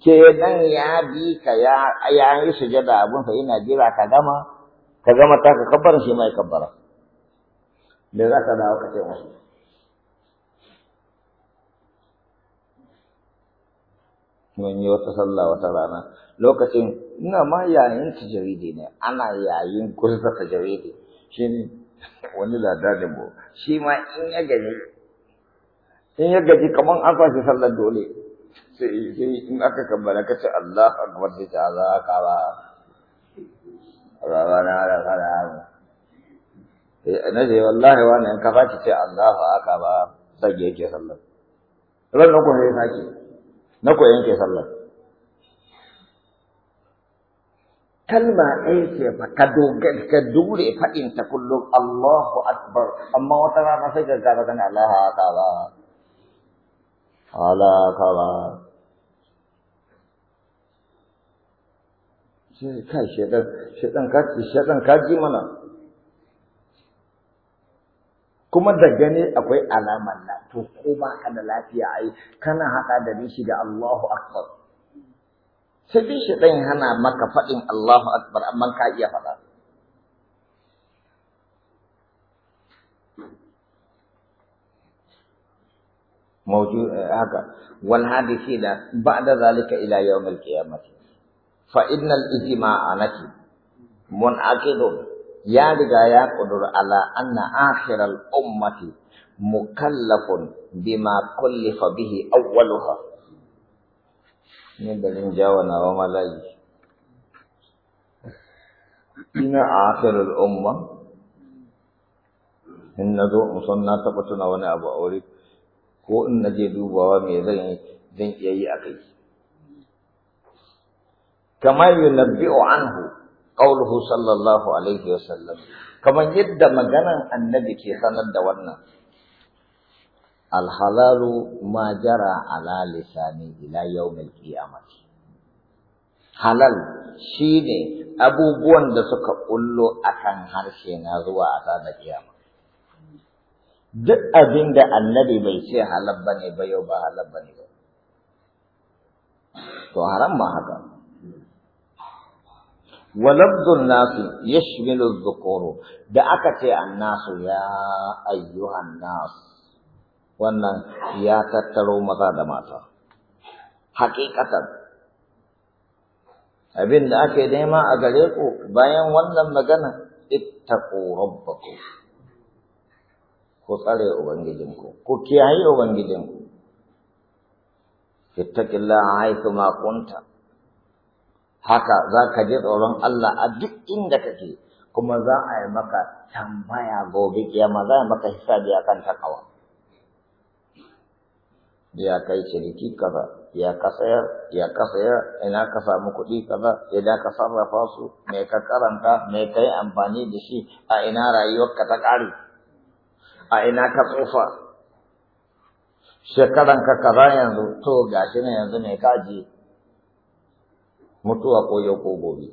kenan ya bi ka ya yayi yi sujada abun sa ina jira ka gama ka gama ta ka kabbara shi mai kabbara me za ka dawo ka ce musu mun yi wata sallah wata rana lokacin ina ma yayin tajawidi ne ana yayin gurza tajawidi shi ne wani ne mu shi ma in ya gani in ya gaji kaman an fashi sallar dole sai sai in aka kammala ka ce Allah akbar da ta za ka ba Allah na da kana sai eh, na je wallahi wani in ka fashi ce Allah aka ba sai yake sallar ran ko ne sake na ko yanke sallar kalma ɗaya ce fa ka dogara ka dure faɗin ta kullum Allahu akbar amma wata rana sai ga gaba kana Allah akbar ala kaza sai kai mana kuma da gane akwai alamar na to ko ba ka da lafiya ai kana hada da nishi da Allahu akbar sai dai shedan hana maka fadin Allahu akbar amma ka iya fada موجود هكا والحادثين بعد ذلك إلى يوم القيامة فإن الإجماع نكي منعقد يا رجا يا قدر على أن آخر الأمة مكلف بما كلف به أولها من بلين جاونا لاي إن آخر الأمة إن ذو مصنع تقتنا ونأبو أوريك ko in na je dubawa me zan yi zan iya yi a kai kama yunabbi'u anhu qawluhu sallallahu alaihi yadda maganan annabi ke sanar da wannan alhalalu ma jara ala lisani ila yawmil qiyamati halal shine abubuwan da suka kullo akan harshe na zuwa a ranar kiyama duk abin da annabi bai ce halal ba ne ba yau ba halal ba ne ba to haram ma haka walabdun nasu ya shimilu zukuru da aka ce annasu ya ayyuhan nas wannan ya tattaro maza da mata hakikatan abin da ake nema a gare ku bayan wannan magana ittaqu rabbakum ku tsare ubangijinku ku kiyaye ubangijinku fittaqillaha haythu ma kunta haka za ka je tsoron Allah a duk inda kake kuma za a yi maka tambaya gobe kiyama za a yi maka hisabi akan takawa ya kai shiriki kaza ya ka sayar ya ka sayar ina ka samu kuɗi kaza ina ka sarrafa su me ka karanta me yi amfani da shi a ina rayuwarka ta ƙare a ina ka tsufa ka kaza yanzu to gashi ne yanzu ne ji mutuwa ko yau ko gobe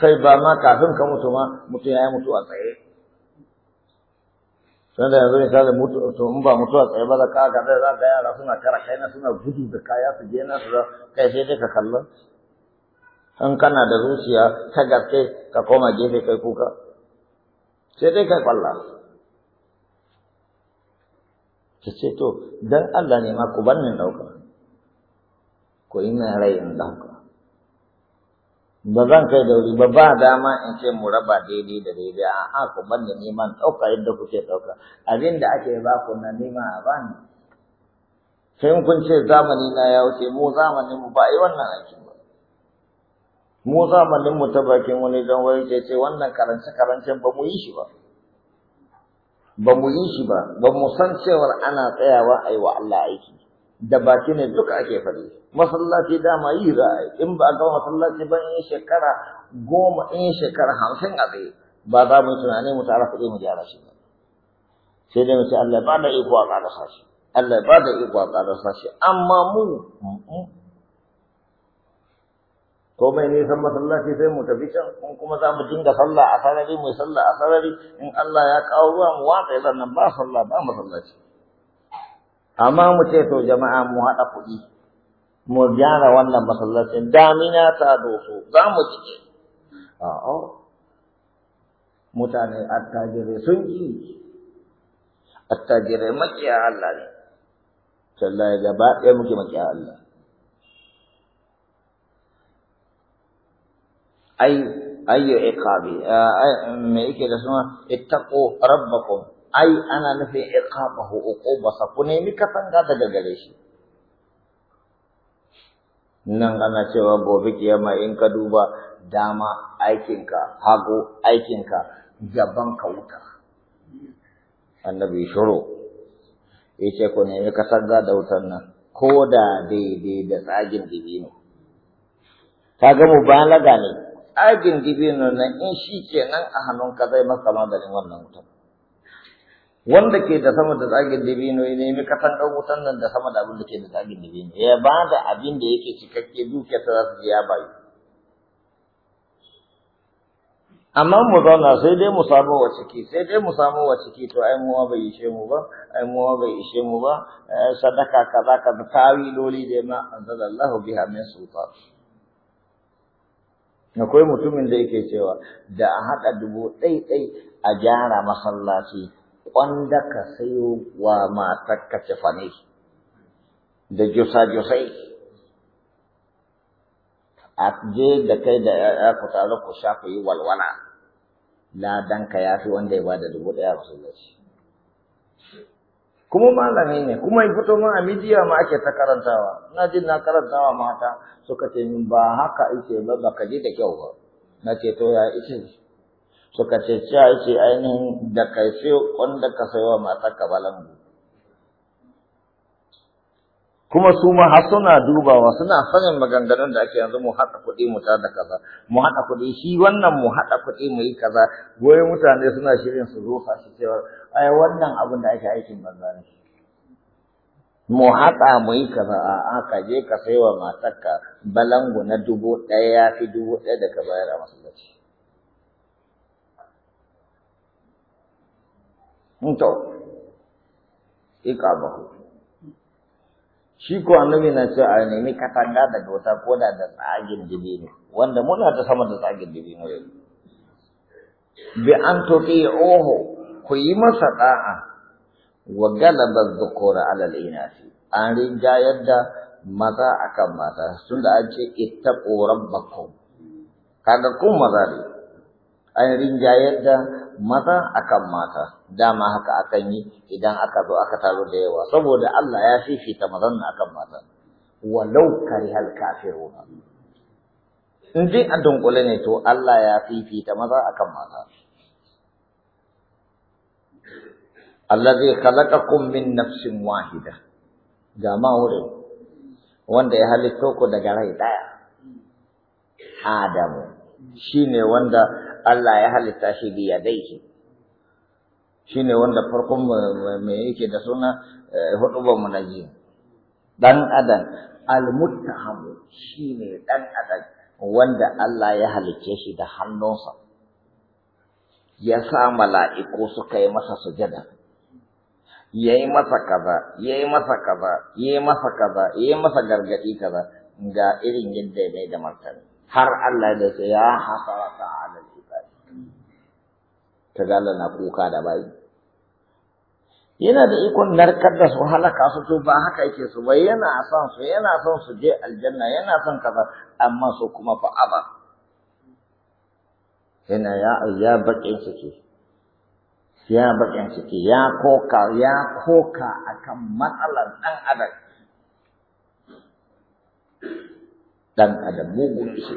kai ba ma kafin ka mutu ma mutu ya yi mutuwa tsaye sai da yanzu mutu to in ba a tsaye ba da ka ga da za ka yara suna kara na suna gudu da kaya su je na su da kai sai dai ka kallon in kana da zuciya ka gaske ka koma gefe kai kuka sai dai kai kwalla ta ce to dan Allah ne ma ku bar ni ɗauka ko ina rai in ɗauka ba zan kai da wuri ba ba dama in ce mu raba daidai da daidai a a ku bar ni neman ɗauka yadda kuke ɗauka abin da ake ba ku na nema a bani sai in kun ce zamani na ya wuce mu zamanin mu ba yi wannan aiki ba mu zamanin mu ta bakin wani don wani ce ce wannan karance karancen ba mu yi shi ba ba mu yi shi ba ba mu san cewar ana tsayawa a yi wa Allah aiki da baki ne duka ake faɗi masallaci dama yi za a yi in ba ga masallaci ba in shekara goma in shekara hamsin a tsaye ba za mu yi tunani mu tara kuɗi mu gyara shi ba sai dai mu ce Allah ba da iko a ƙarasa shi Allah ba da iko a ƙarasa shi amma mu ko mai nisan masallaci sai mu tafi can kun kuma za mu dinga sallah a sarari mu sallah a sarari in Allah ya kawo ruwa mu watsa sannan ba sallah ba masallaci amma mu ce to jama'a mu haɗa kuɗi mu gyara wannan masallacin damina ta doso za mu cike a'a mutane attajirai sun yi attajirai makiya Allah ne sallahi gaba ɗaya muke makiya Allah ai ayyu iqabi me yake da suna ittaqu rabbakum ai ana nufin iqabahu uqubasa ku nemi katanga daga gare shi nan ana cewa gobe kiyama in ka duba dama hago hagu aikinka gaban ka wuta annabi shuru yace ku nemi katanga da wutar nan ko da daidai da tsagin dibino mu mubalaga ne tsagin dibino nan in shi kenan a hannun ka zai ma maganin wannan mutum wanda ke da sama da tsagin dibino ya nemi kasan ɗan wutan nan da sama da abin da ke da tsagin dibino ya ba da abin da yake cikakke ta za su je ya bayu amma mu zauna sai dai mu samu wa ciki sai dai mu samu wa ciki to ai muwa bai ishe mu ba ai muwa bai ishe mu ba eh, sadaka kaza kaza tawiloli da ma anzalallahu biha min sultan akwai mutumin da yake cewa da a haɗa dubu ɗai-ɗai a gyara masallaci wanda ka sayo wa matar ka cefane da jusa-jusai a je da kai da ya ku tare ku sha ku yi walwala ladan ka yafi wanda ya ba da dubu ɗaya masallaci kuma malami ne kuma in fito min a midiya ma ake ta karantawa na jin na karantawa mata suka ce min ba haka ake ba ka ji da kyau ba na ce to ya ike suka ce cewa ike ainihin da kai sai wanda ka sayo mata ka balangu kuma su ma har suna dubawa suna sanin maganganun da ake yanzu mu haɗa kuɗi mu ta da kaza mu haɗa kuɗi shi wannan mu haɗa kuɗi mu yi kaza goyi mutane suna shirin su zo fashi cewa ai wannan abin da ake aikin banza ne mu haƙa mu yi kaza a ka je ka sai wa matarka balangu na dubu ɗaya ya fi dubu ɗaya da ka bayar a masallaci to iqabahu shi ko annabi na ce a nemi katanga daga wata koda da tsagin dibino wanda muna ta sama da tsagin dibino ne. bi an oho. ku yi masa da'a wa galaba zukura alal inasi an rinjayar da maza akan mata da an ce ittaqu rabbakum kaga kun maza ne an rinjayar da maza akan mata dama haka akan yi idan aka zo aka taro da yawa saboda Allah ya fifita mazan akan mata walau karihal kafirun in dai a dunkule ne to Allah ya fifita maza akan mata allazi khalaqakum min nafsin wahida jama'u wurin wanda ya halitta ku daga rai daya adamu shine wanda Allah ya halitta shi bi yadaihi shine wanda farkon me yake da suna hudubar munaji dan adam al-muttaham shine dan adam wanda Allah ya halicce shi da hannunsa ya sa mala'iku suka yi masa sujada ya masa kaza ya yi masa kaza ya yi masa kaza ya yi masa gargaɗi kaza ga irin yadda ya da martani har Allah da ce ya hasara ta alal ibadi ta gala na kuka da bayi yana da ikon narkar da su halaka su to ba haka yake su bai yana son su yana son su je aljanna yana son kaza amma su kuma fa'aba yana ya ya bakin ya bakin ciki ya koka ya koka akan matsalar dan adam dan adam mugun shi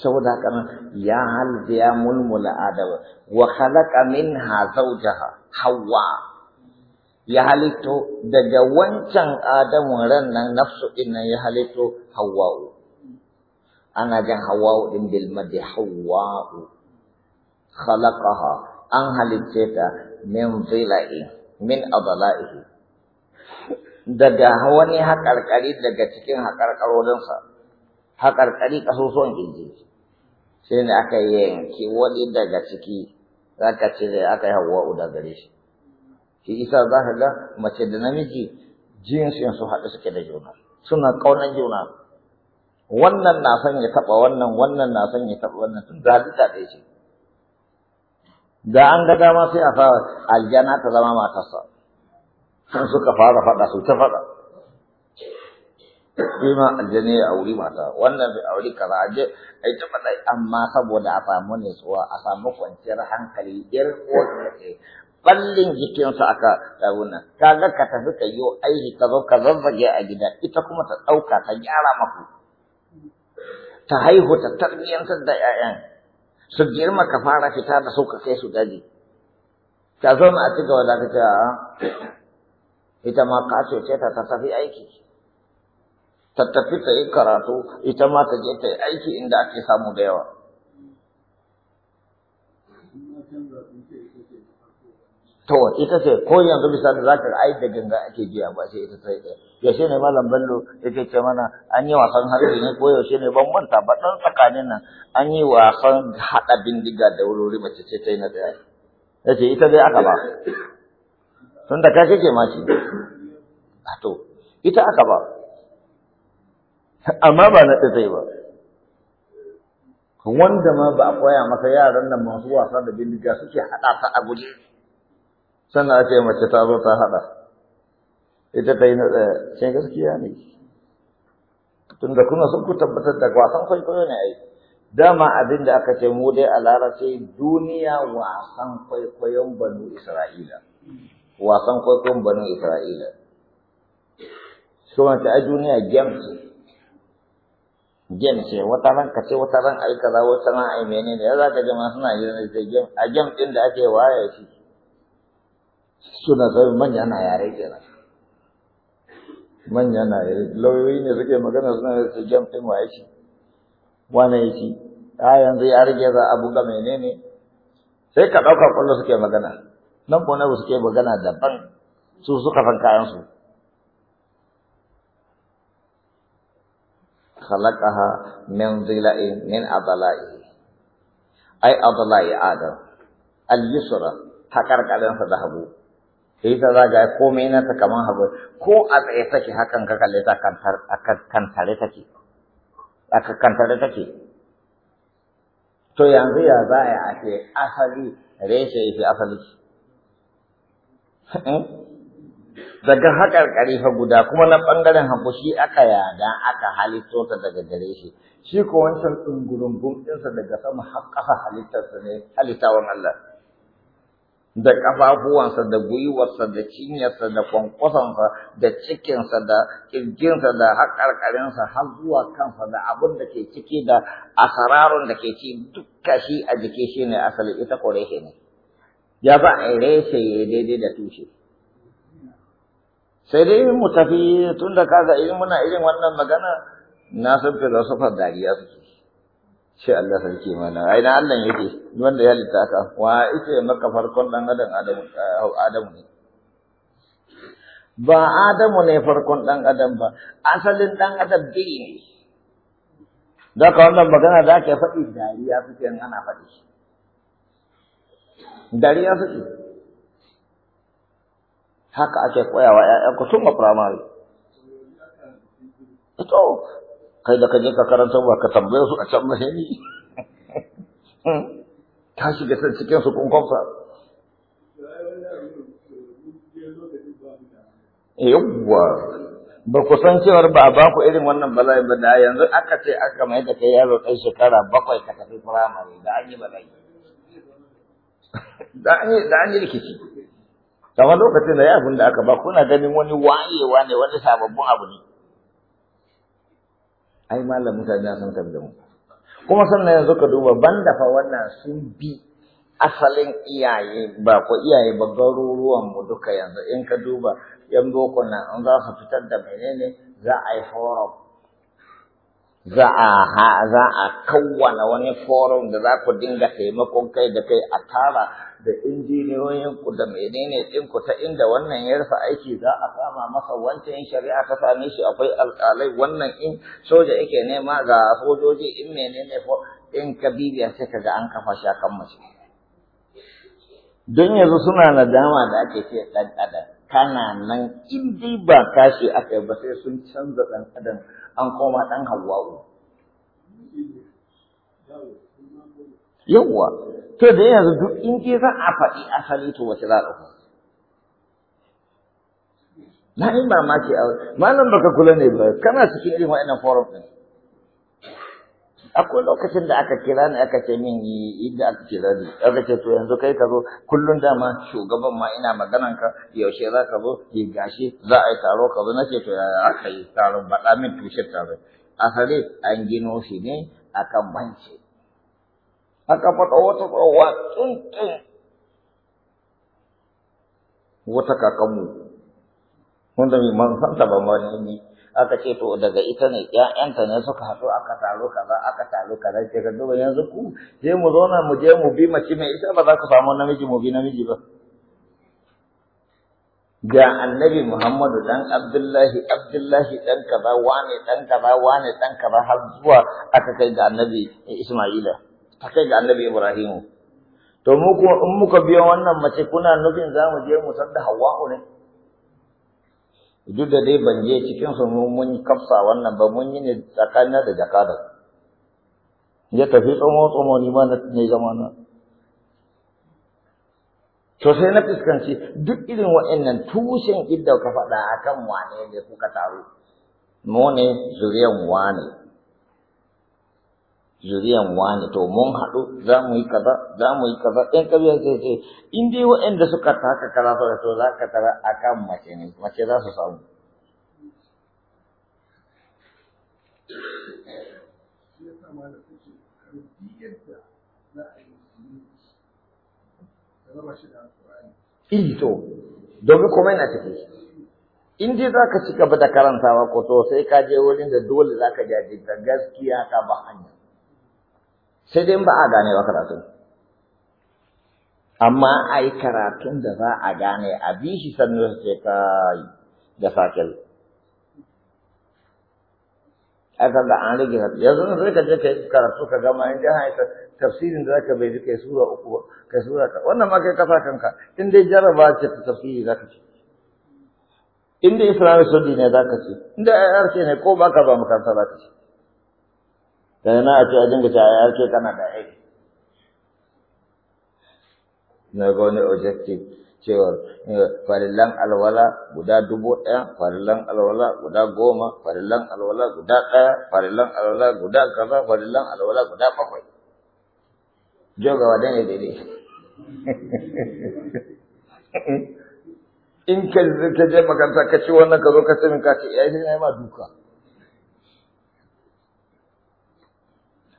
saboda haka ya halda ya mulmula adam wa khalaqa minha zawjaha hawa ya halitto daga wancan adamu ran nan nafsu din ya halitto hawa'u ana jan hawa'u din bil madi hawa'u khalaqaha an halicce ta min zila'i min adala'ihi daga wani haƙarƙari daga cikin haƙarƙarorinsa haƙarƙari ƙasusuwan inji sai ne aka yanki wani daga ciki zaka cire aka yi hawa'u da gare shi shi isa za ka ga mace da namiji jinsin su haɗu suke da juna suna ƙaunar juna wannan na son ya taɓa wannan wannan na son ya taɓa wannan tun da halitta ɗaya ce da an ga dama sai a fara aljana ta zama matarsa sun suka fara faɗa su ta faɗa shi aljani ya auri mata wannan bai auri kaza aje ai ta faɗa amma saboda a samu nutsuwa a samu kwanciyar hankali yar uwar ce ballin jikinsa aka tsaruna kaga ka tafi ka yi aiki ka zo ka zazzage a gida ita kuma ta ɗauka ta gyara maku ta haihu ta tarbiyyantar da 'ya'yan su girma ka fara fita da su kai su daji ta zo a ci gaba da ka ce ita ma kaso ce ta ta tafi aiki ta tafi ta yi karatu ita ma ta je ta yi aiki inda ake samu da yawa to ita ce ko yanzu misali zaka ga ai da ganga ake jiya ba sai ita sai ɗaya yaushe ne malam bello yake ce mana an yi wasan harbi ne ko yaushe ne ban manta ba dan tsakanin nan an yi wasan haɗa bindiga da wurori mace ce ta yi na Ya yace ita dai aka ba tun da ka ke ma shi ah, to ita aka ba amma ba na tsaye ba wanda ma ba a koya masa yaran nan masu wasa da bindiga suke haɗa ta a guje sannan a ce mace ta zo ta haɗa ita ta yi na ɗaya ce gaskiya ne tunda kuna sun ku tabbatar da wasan kwaikwayo ne ai dama abin da aka ce mu dai a larace duniya wasan kwaikwayon banu isra'ila wasan kwaikwayon banu isra'ila sunan a duniya games game ce wata ran ka ce wata ran ai kaza wata ran ai menene ya za ka jama suna yi a game din da ake waye shi suna zai manya na yare kenan manya na yare lauyoyi ne suke magana suna da su jam ɗin waye shi wane ya ci a yanzu ya rage za a buga menene sai ka ɗauka kwallo suke magana nan ko nawa suke magana daban su suka san kayan su khalaqaha min dhila'i min adala'i. ai adala'i adam al-yusra takarkarin sa da habu sai ta zaga komai na ta kaman hagu ko a tsaye take hakan ka kalle ta kantar kantare take aka kantare take to yanzu ya za a ce asali reshe yake asali eh? daga haƙar fa guda kuma na ɓangaren hagu shi aka yada aka halitto ta daga gare shi shi ko wancan ɗungurungun ɗinsa daga sama har ƙasa halittarsa ne halittawan Allah da ƙafafuwansa da gwiwarsa da cinyarsa da kwankwasonsa da cikinsa da kirginsa da haƙarƙarinsa har zuwa kansa da abin da ke ciki da asararun da ke ci dukka shi a jiki shi ne asali ita ko reshe ne ya ba a reshe ya daidai da tushe sai dai mu tafi tun da kaga irin muna irin wannan magana na san filosofar dariya suke ce Allah sarki mana ai na Allah yake wanda ya litta aka wa ita maka farkon dan adam eh, adamu ne ba adamu ne farkon dan adam ba asalin dan adam bai ne da ka wannan magana da ake faɗi dariya suke ana faɗi dariya suke haka ake koyawa ƴaƴanku tun a firamare to kai da ka je ka karanta ba ka tambaye su a can ba ni ta shiga ta cikin su kun kwamfa yawwa ba ku san cewar ba a ba ku irin wannan bala'i ba da yanzu aka ce aka mai da kai yaro ɗan shekara bakwai ka tafi firamare da an yi bala'i da an yi rikici kamar lokacin da ya abin da aka ba kuna ganin wani wayewa ne wani sababbin abu ne ai mallam mutane ya san da mu kuma sannan yanzu ka duba banda fa wannan sun bi asalin iyaye ba ko iyaye ba garuruwan mu duka yanzu in ka duba yan boko na an za su fitar da menene za a yi forum za a za a kawwana wani forum da za ku dinga taimakon kai da kai a tara da injiniyoyin ku da menene din ku ta inda wannan ya rufe aiki za a kama masa wancan shari'a ta same shi akwai alƙalai wannan in soja yake nema ga sojoji in menene ko in kabibiya sai kaga an kafa shi akan mace don yanzu suna nadama da ake ce ɗan adam kana nan in dai ba kashi aka yi ba sai sun canza ɗan adam an koma ɗan hawa'u yawwa to da yanzu duk in ke za a faɗi asali to wace za a ɗauka na yi mamaki a malam baka kula ne ba kana cikin irin wa'annan forum ɗin akwai lokacin da aka kira ni aka ce min yi inda aka kira ni aka ce to yanzu kai ka zo kullum dama shugaban ma ina maganan ka yaushe za ka zo yi gashi za a yi taro ka zo ce to yaya aka yi taron baɗa min tushen A asali an gino shi ne a kan banci aka faɗa wata tsawa tuntun wata kakanmu wanda mai man santa ba ma ne aka ce to daga ita ne ƴaƴanta ne suka haɗu aka taro kaza aka taro kaza ce ga duba yanzu ku je mu zauna mu je mu bi mace mai ita ba za ku samu namiji mu bi namiji ba ga annabi Muhammadu dan Abdullahi Abdullahi dan kaza wane dan kaza wane dan kaza har zuwa aka kai ga annabi Isma'ila aka kai ga annabi Ibrahimu to mu kuma in muka biyo wannan mace kuna nufin za mu je mu san da hawa'u ne duk da dai ban je cikin su mun kafsa wannan ba mun yi ne tsakanin da jakada ya tafi tsomo tsomo ni ma ne zamana to sai na fuskanci duk irin wa'annan tushen idda ka faɗa akan wane ne kuka taru mu ne zuriyan wane zuriyan wani to mun haɗu za mu yi kaza za mu yi kaza ɗan ƙabila ce ce in dai waɗanda suka taka kaza suka to za ka tara a kan mace ne mace za su samu to, domin kuma yana ciki. In dai za ka ci gaba da karantawa ko to sai ka je wurin da dole za ka da gaskiya ka ba hanya. sai dai ba a gane ba karatu amma ai karatun da za a gane a bi shi sannu sai ce ka da fakil aka ga an rage hatu yanzu na zai ka je kai karatu ka gama in ji haika tafsirin da zaka bai kai sura uku ba kai sura ka wannan ma kai kafa kanka in dai jaraba ce ta tafsiri zaka ce in dai islamic study ne zaka ce in dai irc ne ko baka ba makaranta zaka ce da na a ce a dinga cewa ya ce kana da aiki na ga wani objective cewar eh, farillan alwala guda dubu ɗaya farillan alwala guda goma farillan alwala guda ɗaya farillan alwala guda kaza farillan alwala guda bakwai joga wa dane daidai in ka je makaranta ka ci wannan ka zo ka ce min ka ce ya yi ma duka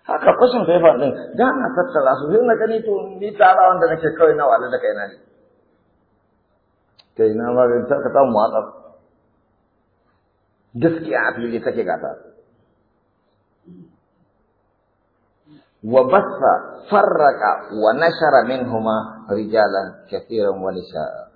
haka fashin paper din da na tattara su sai na gani to ni tara wanda nake kawai na wala da kaina ne kai na ma bin ta ta mu hatsar gaskiya a fili take gata wa basa farraka wa nashara minhuma rijalan kathiran wa nisaa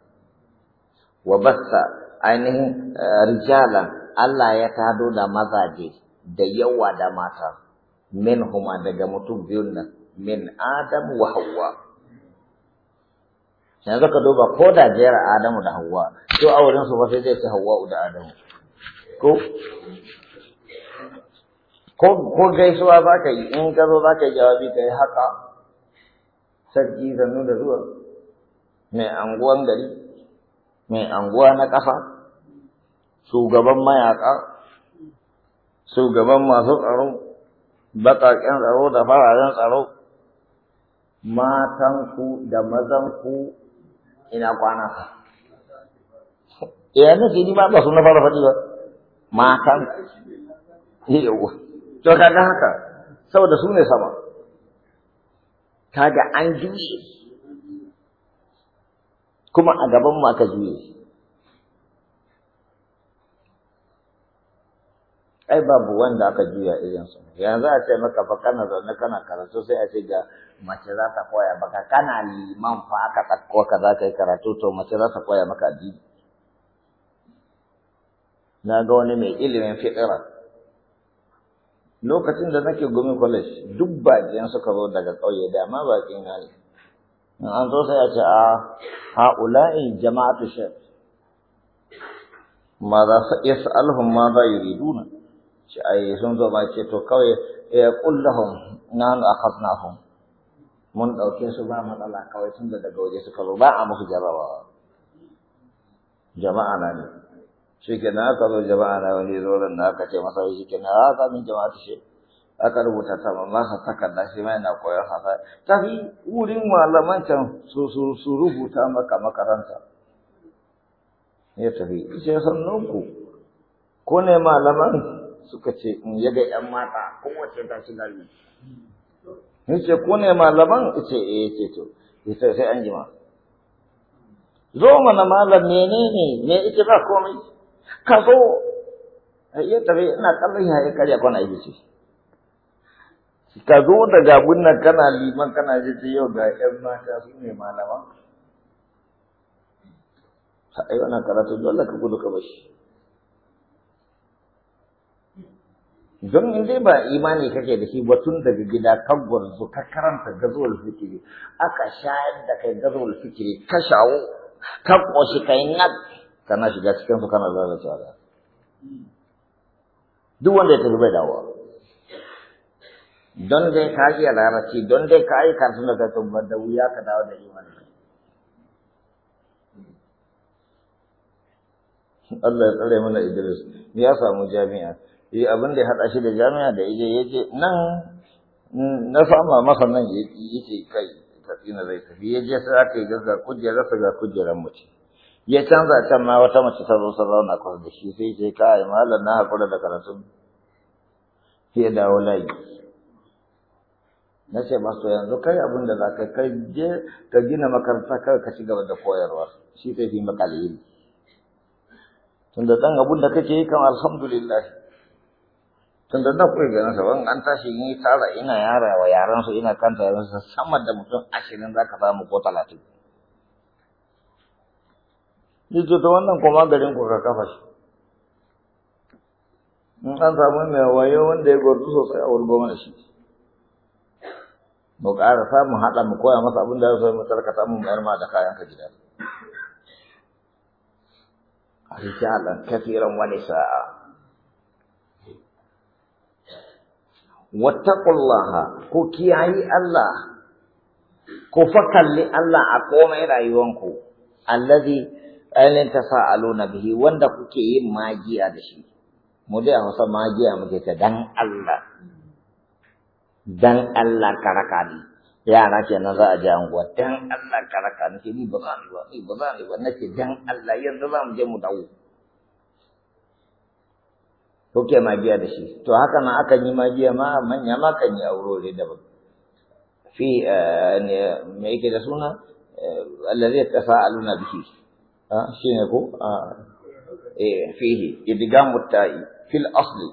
wa basa ainihin eh, rijalan Allah ya tado da mazaje da yawa da mata min huma daga mutum biyun nan min adam wa hawa yanzu ka duba ko da jera adamu da hawa to auren su ba sai zai ci hawa da adamu ko ko ko gaisuwa za ka yi in ka zo za ka yi jawabi ka yi haka sarki zannu da zuwa mai anguwan gari mai anguwa na ƙasa shugaban mayaka, shugaban masu tsaro baƙaƙen tsaro da fararen tsaro matanku da ku ina kwana ya eh, nake ni ba su na fara faɗi ba matan yawwa to kaga haka saboda su ne sama kaga an juye kuma a gaban ma ka juye ai babu wanda aka juya irinsu yanzu a ce maka fa kana zaune kana karatu sai a ce ga mace za ta koya baka kana liman fa aka ɗauko ka za ka yi karatu to mace za ta koya maka addini na ga wani mai ilimin fitira lokacin da nake gumi college duk baƙin suka zo daga ƙauye da ma baƙin na ne an zo sai a ce a ah, ha'ula'i jama'atu shek ma za su yas'aluhum ma za yuriduna ci ay sun zo ba ce to kawai ya eh, kullahum nan akhadnahum mun dauke su ba matsala kawai tun da daga waje suka zo ba a musu jarabawa jama'a na ne shi ke na aka zo jama'a na wani zoron na aka ce masa shi ke na aka ah, min jama'a ta ce aka rubuta ta ma sa takarda shi ma yana koyar hasa tafi wurin malaman can su su su rubuta maka makaranta ya tafi sannan ku ko ne malaman suka ce in yaga ƴan mata kowace ta shiga gari ni ce ku ne malaman ce eh ce to ita sai an jima zo mana malam menene me ita ba komai ka zo iya tabe ina kallon ya karya kwana yi ce ka zo daga gunnan kana liman kana jita yau ga yan mata su ne malaman ai wannan karatu dole ka gudu ka bashi don in dai ba imani kake da shi ba tun daga gida ka gwarzo ka karanta gazuwar fikiri aka shayar da kai gazuwar fikiri ka shawo ka ƙoshi kai nan kana shiga cikin su kana zara da duk wanda ya tafi bai dawowa don dai ka yi larabci don dai ka yi karatun da ka tabbar da wuya ka dawo da imani Allah ya tsare mana Idris ya samu jami'a Yi abin da ya haɗa shi da jami'a da ya ce nan na sama masa nan yake kai tafi na zai tafi Ya je sai aka yi ga sai ga kujerar mace ya canza can ma wata mace ta zo ta zauna kwas da shi sai ce kai malam na haƙura da karatu sai dawo layi na ce masu yanzu kai abin da za ka kai je ka gina makaranta kai ka ci gaba da koyarwa shi sai fi maka tunda ɗan abin da kake yi kan alhamdulillah tunda da kuwa ganin sabon an tashi ni tara ina yara wa yaran su ina kanta yaran su sama da mutum ashirin za ka samu ko talatin ni ta wannan kuma garin ku ka kafa shi in an samu mai wayo wanda ya gwarzu sosai a wurin gwamnati shi mu ƙara samun haɗa mu koya masa abin da zai mu ka samun mayar ma da kayan ka gida rijalan kafiran wani sa'a wattaqullaha ku kiyayi Allah ku fakalli Allah a komai rayuwanku allazi ainihin tasa'aluna bihi wanda kuke yin magiya da shi mu dai a wasa magiya muke ta dan Allah dan Allah karaka ni yara nan za a je anguwa dan Allah karaka ni ni ba za ni ba ni ba za ni ba nake dan Allah yanzu za mu je mu dawo hukiya magiya da shi to haka na aka yi magiya ma manya ma kan yi auro da ba fi me yake da suna allazi tasaaluna bihi ah shine ko eh fihi idgamu mutai fil asli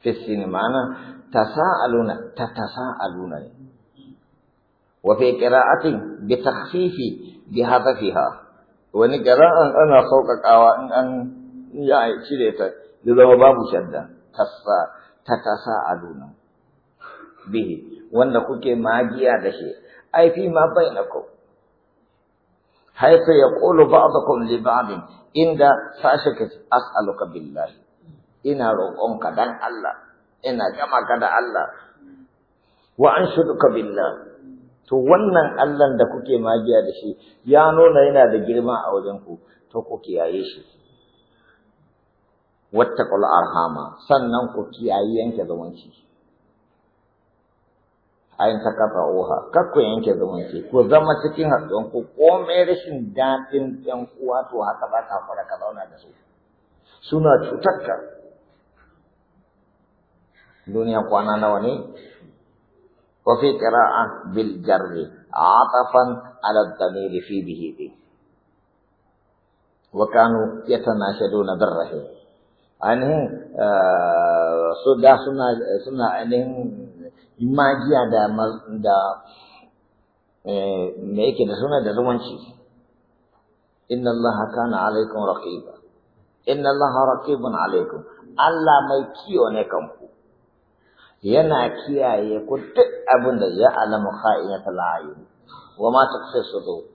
fi sinimana tasaaluna tatasaaluna wa fi qira'atin bi takhfifi bi hadafiha wani qira'an ana sauƙaƙawa in an ya cire ta ya zama babu shadda tassa ta tasa a aluna bihi wanda kuke magiya da shi ai fi ma bainakum haifa yaqulu ba'dukum li ba'din inda sashaka as'aluka billahi ina roƙonka dan Allah ina gama ka da Allah wa anshuduka billah to wannan Allahn da kuke magiya da shi ya nuna yana da girma a wajen ku to ku kiyaye shi wattaqul arhama sannan ku kiyaye yanke zumunci ayin ta kafa oha kakku yanke zumunci ku zama cikin hatsuwan ku komai rashin daɗin ɗan kuwa to haka ba ka fara ka zauna da su suna cutarka duniya kwana nawa ne wa fi qira'a bil jarri atafan ala dhamiri fi bihi wa kanu yatanashaduna rahim ainihin su da suna suna ainihin imajiya da da me yake da suna da zumunci inna Allah kana alaikum raqiba inna Allah raqibun alaikum Allah mai kiyo ne kanku yana kiyaye ku duk abin da ya alamu kha'inat al wa ma taqsisu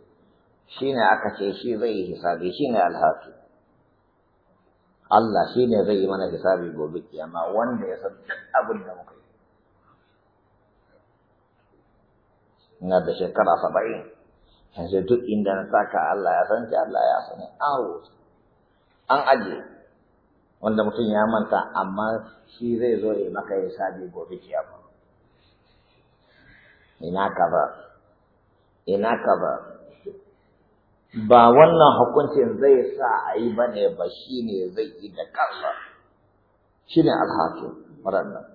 shine aka ce shi zai hisabi shine ne hakim Allah shi ne zai yi mana hisabi gobe kiyama wanda ya san duk abin da muka yi. Ina da shekara saba'in, yanzu duk inda na saka Allah ya san Allah ya sani awo. An aje, wanda mutum ya manta amma shi zai zo ya maka hisabi gobe kiyama. Ina ka ba, ina ka ba, ba wannan hukuncin zai sa a yi ba ne ba shi ne zai yi da kansa shi ne alhakin waɗannan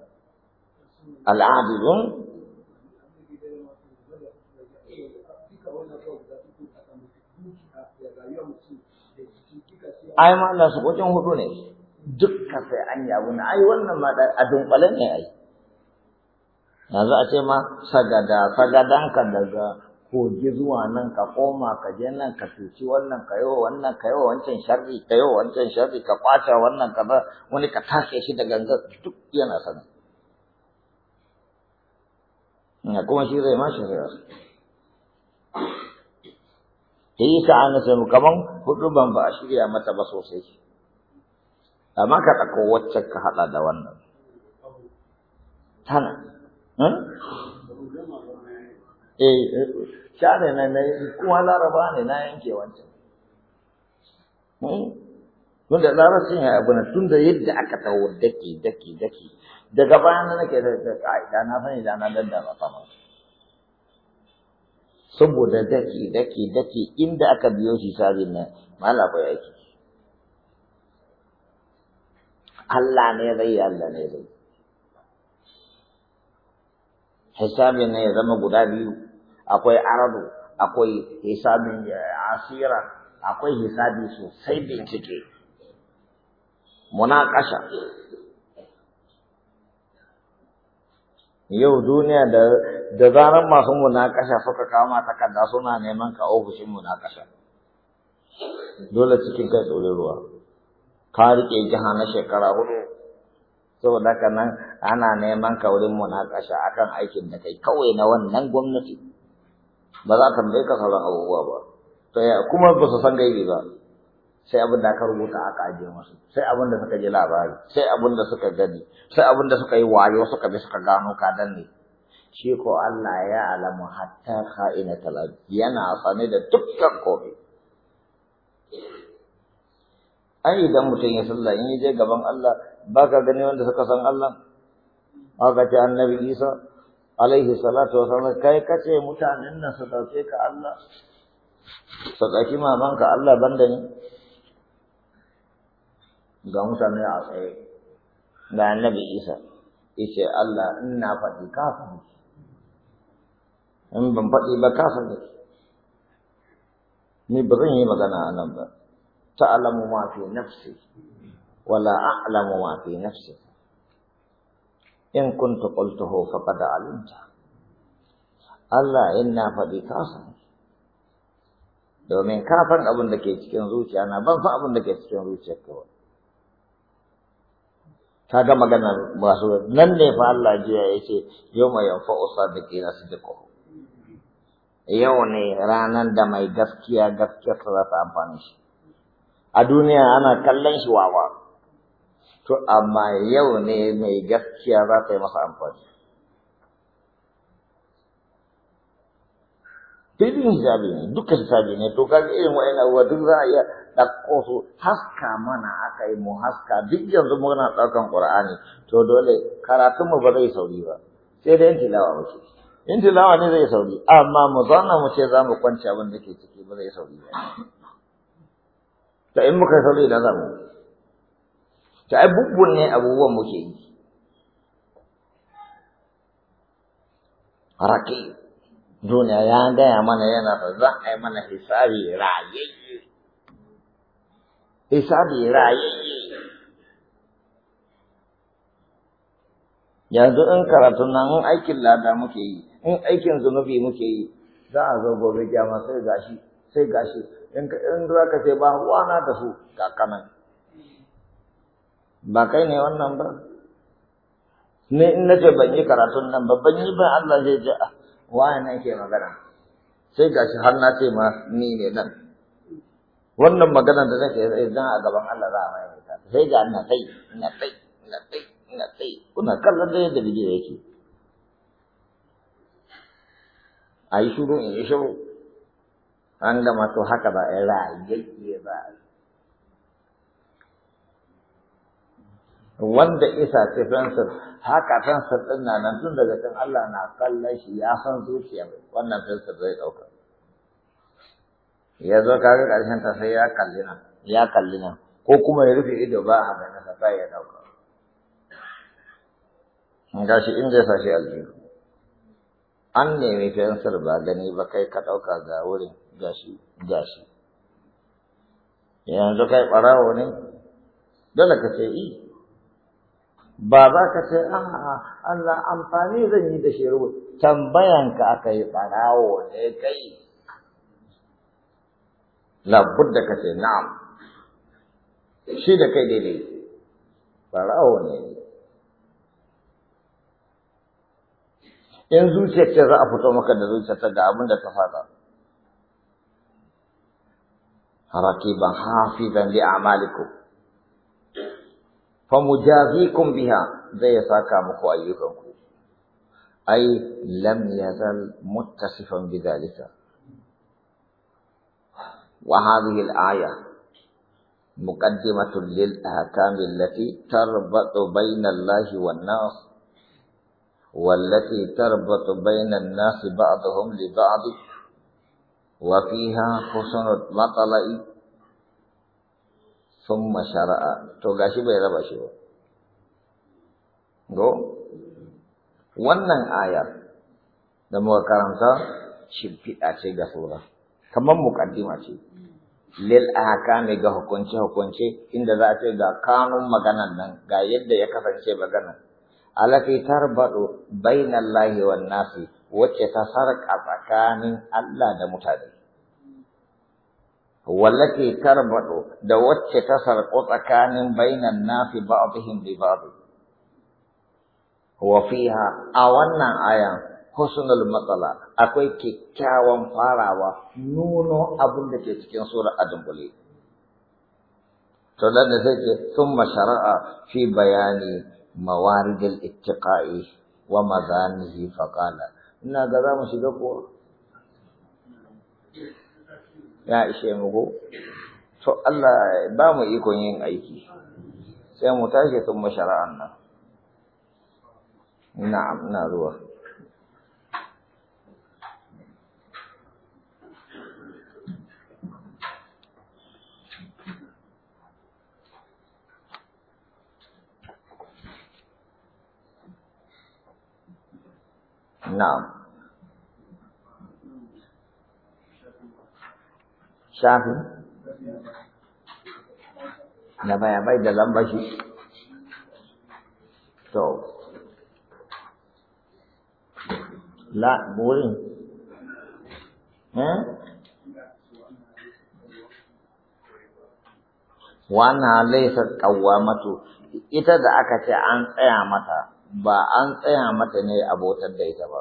al'adilun ai ma su kucin hudu ne dukka sai an yi abu na ai wannan ma a dunkule ne ai yanzu a ce ma sagada sagadanka daga kogi zuwa nan ka koma ka je nan ka cuci wannan ka yi wa wannan ka yi wa wancan sharri ka yi wa wancan sharri ka kwace wannan ka ba wani ka tashe shi da gangan duk yana sanin na kuma shi zai mashi zai wasu ta yi sa'a na sai kaman hudu ban ba a shirya mata ba sosai amma ka ɗauko wacce ka haɗa da wannan tana hmm? eh, eh share na na yi kuma laraba ne na yanke wancan hmm? tunda larabcin ya abu na tunda yadda aka tawo daki daki daki daga bayan na nake da ka'ida na sani da na dandana fama. saboda daki daki daki inda aka biyo shi sabin nan mala ko yake Allah ne zai Allah ne zai hisabin ne ya zama guda biyu akwai aradu akwai hisabin eh, asira akwai hisabi sosai bincike munakasha yau duniya da da zaran masu munakasha suka kama takarda suna neman ka ofishin munakasha dole cikin kai tsore ruwa ka rike jiha na shekara hudu saboda haka nan ana neman ka wurin munakasha akan aikin da kai kawai na wannan gwamnati ba za a mai ka abubuwa ba to ya kuma ba su san gaibi ba sai abin da aka rubuta aka ajiye musu sai abin da suka ji labari sai abin da suka gani sai abin da suka yi wayo suka bi suka gano ka danne shi ko Allah ya alamu hatta kha'ina talab yana sane da dukkan kofi. ai idan mutum ya sallah in je gaban Allah baka gani wanda suka san Allah aka ce annabi Isa alaihi salatu wa sallam kai kace mutanen nan su dauke ka Allah su dauki maman ka Allah banda ni ga mutane a tsaye ga annabi Isa yace Allah ina faɗi ka faɗi in ban faɗi ba ka ne. ni ba zan yi magana a nan ba ta'lamu ma fi nafsi wala a'lamu ma fi nafsi in kuntu qultuhu faqad alimta Allah in na faɗi ka domin ka san abin da ke cikin zuciya na ban san abin da ke cikin zuciya ka ba ga maganar masu nan ne fa Allah jiya ya ce yau mai yanfa usa da kira su da yau ne ranar da mai gaskiya gaskiyarsa za ta amfani shi a duniya ana kallon shi wawa to amma yau ne mai gaskiya za ta yi masa amfani filin hisabi ne duka hisabi ne to kaga irin wa'in abubuwa duk za a iya ɗauko su haska mana aka yi mu haska duk yanzu muna ɗaukan ƙur'ani to dole karatunmu ba zai sauri ba sai da yin tilawa muke yin tilawa ne zai sauri amma mu zauna mu ce za mu kwanci abin da ke ciki ba zai sauri ba Ta in muka sauri idan za mu to ai bubbun ne abubuwan muke yi raki duniya ya gaya mana yana da za a yi mana hisabi rayayye hisabi rayayye yanzu in karatun nan in aikin lada muke yi in aikin zunubi muke yi za a zo gobe gyama sai gashi sai gashi in ka za ka sai ba na da su kanan. ba kai ne wannan ba ne in nace ban yi karatun nan ba ban yi ba Allah zai ji ah, waye nan ke magana sai gashi har na ce ma ni ne nan wannan magana da nake idan a gaban Allah za a mai ta sai ga na kai na kai na kai na kai kuna kallon da yadda bige yake a yi shuru in yi shuru an gama to haka ba in ra'ayi ba wanda isa ce fensir haka fensir ɗin na nan tun daga can Allah na kallon shi ya san zuciya wannan fensir zai ɗauka ya zo kaga ƙarshen ta sai ya kalli nan ya kalli nan ko kuma ya rufe ido ba a ganin sa sai ya ɗauka gashi in zai sashi aljihu an nemi fensir ba gani ba kai ka ɗauka ga wurin gashi gashi yanzu kai ɓarawo ne dole ka ce i ba za ka ce a'a ah, Allah amfani zan yi da shi rubu tambayanka aka yi barawo ne kai da ka ce na'am shi da kai daidai barawo ne in zuciyar ce za a fito maka da zuciyar ta ga abin da ka fada rakiban hafizan li amalikum فمجازيكم بها زي ساكا مكو أيكم أي لم يزل متصفا بذلك وهذه الآية مقدمة للأحكام التي تربط بين الله والناس والتي تربط بين الناس بعضهم لبعض وفيها حسن المطلئ sun mashara'a to gashi bai raba shi ba go wannan ayar da muka karanta shimfiɗa ce ga sura kamar muƙaddima ce lil ahkami ga hukunce hukunce inda za a ce ga kanun maganan nan ga yadda ya kasance maganan alati tarbadu bainallahi wan nasi wacce ta sarƙa tsakanin Allah da mutane kar baɗo da wacce ta sarko tsakanin bainan nasi ba'dihim bi ba'd wa fiha a wannan ayan husnul matsala akwai kyakkyawan farawa nuno abin da ke cikin sura adumbuli to dan ne sai ke thumma shara'a fi bayani mawaridil ittiqai wa madanihi faqala ina ga za mu shiga ko ya ishe mu go to Allah ba mu ikon yin aiki sai mu tashi tun mashara'an nan na'am na zuwa Now. shafi da bayabai da lambashi to la burin eh? wana laisa qawwamatu ita da aka ce an tsaya mata ba an tsaya mata ne abotar da ita ba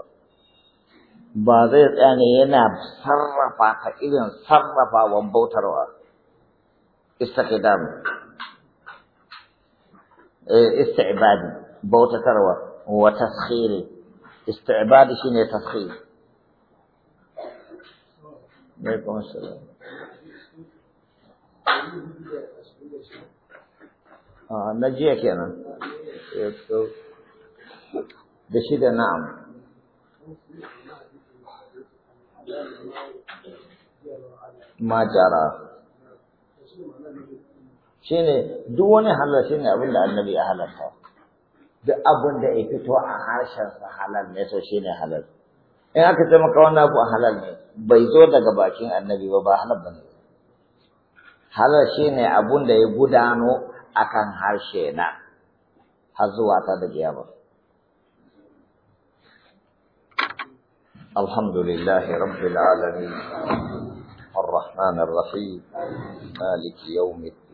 ba zai tsaya yana sarrafa ta irin sarrafa sarrafawan bautarwa istiqdam eh, isti'badi bautatarwa wa taskhiri isti'badi shine taskhiri alaikum assalam a ah, na jiya kenan eh, da shi da na'am ma jara ne duk wani halar shi ne abinda annabi ya halarta duk abin da ya fito a harshen halar ne ne shi ne halar in aka ce maka wannan abu halar ne bai zo daga bakin annabi ba ba halar bane halal shine abun da ya gudano akan harshe na har zuwa ta da ba. الحمد لله رب العالمين الرحمن الرحيم مالك يوم الدين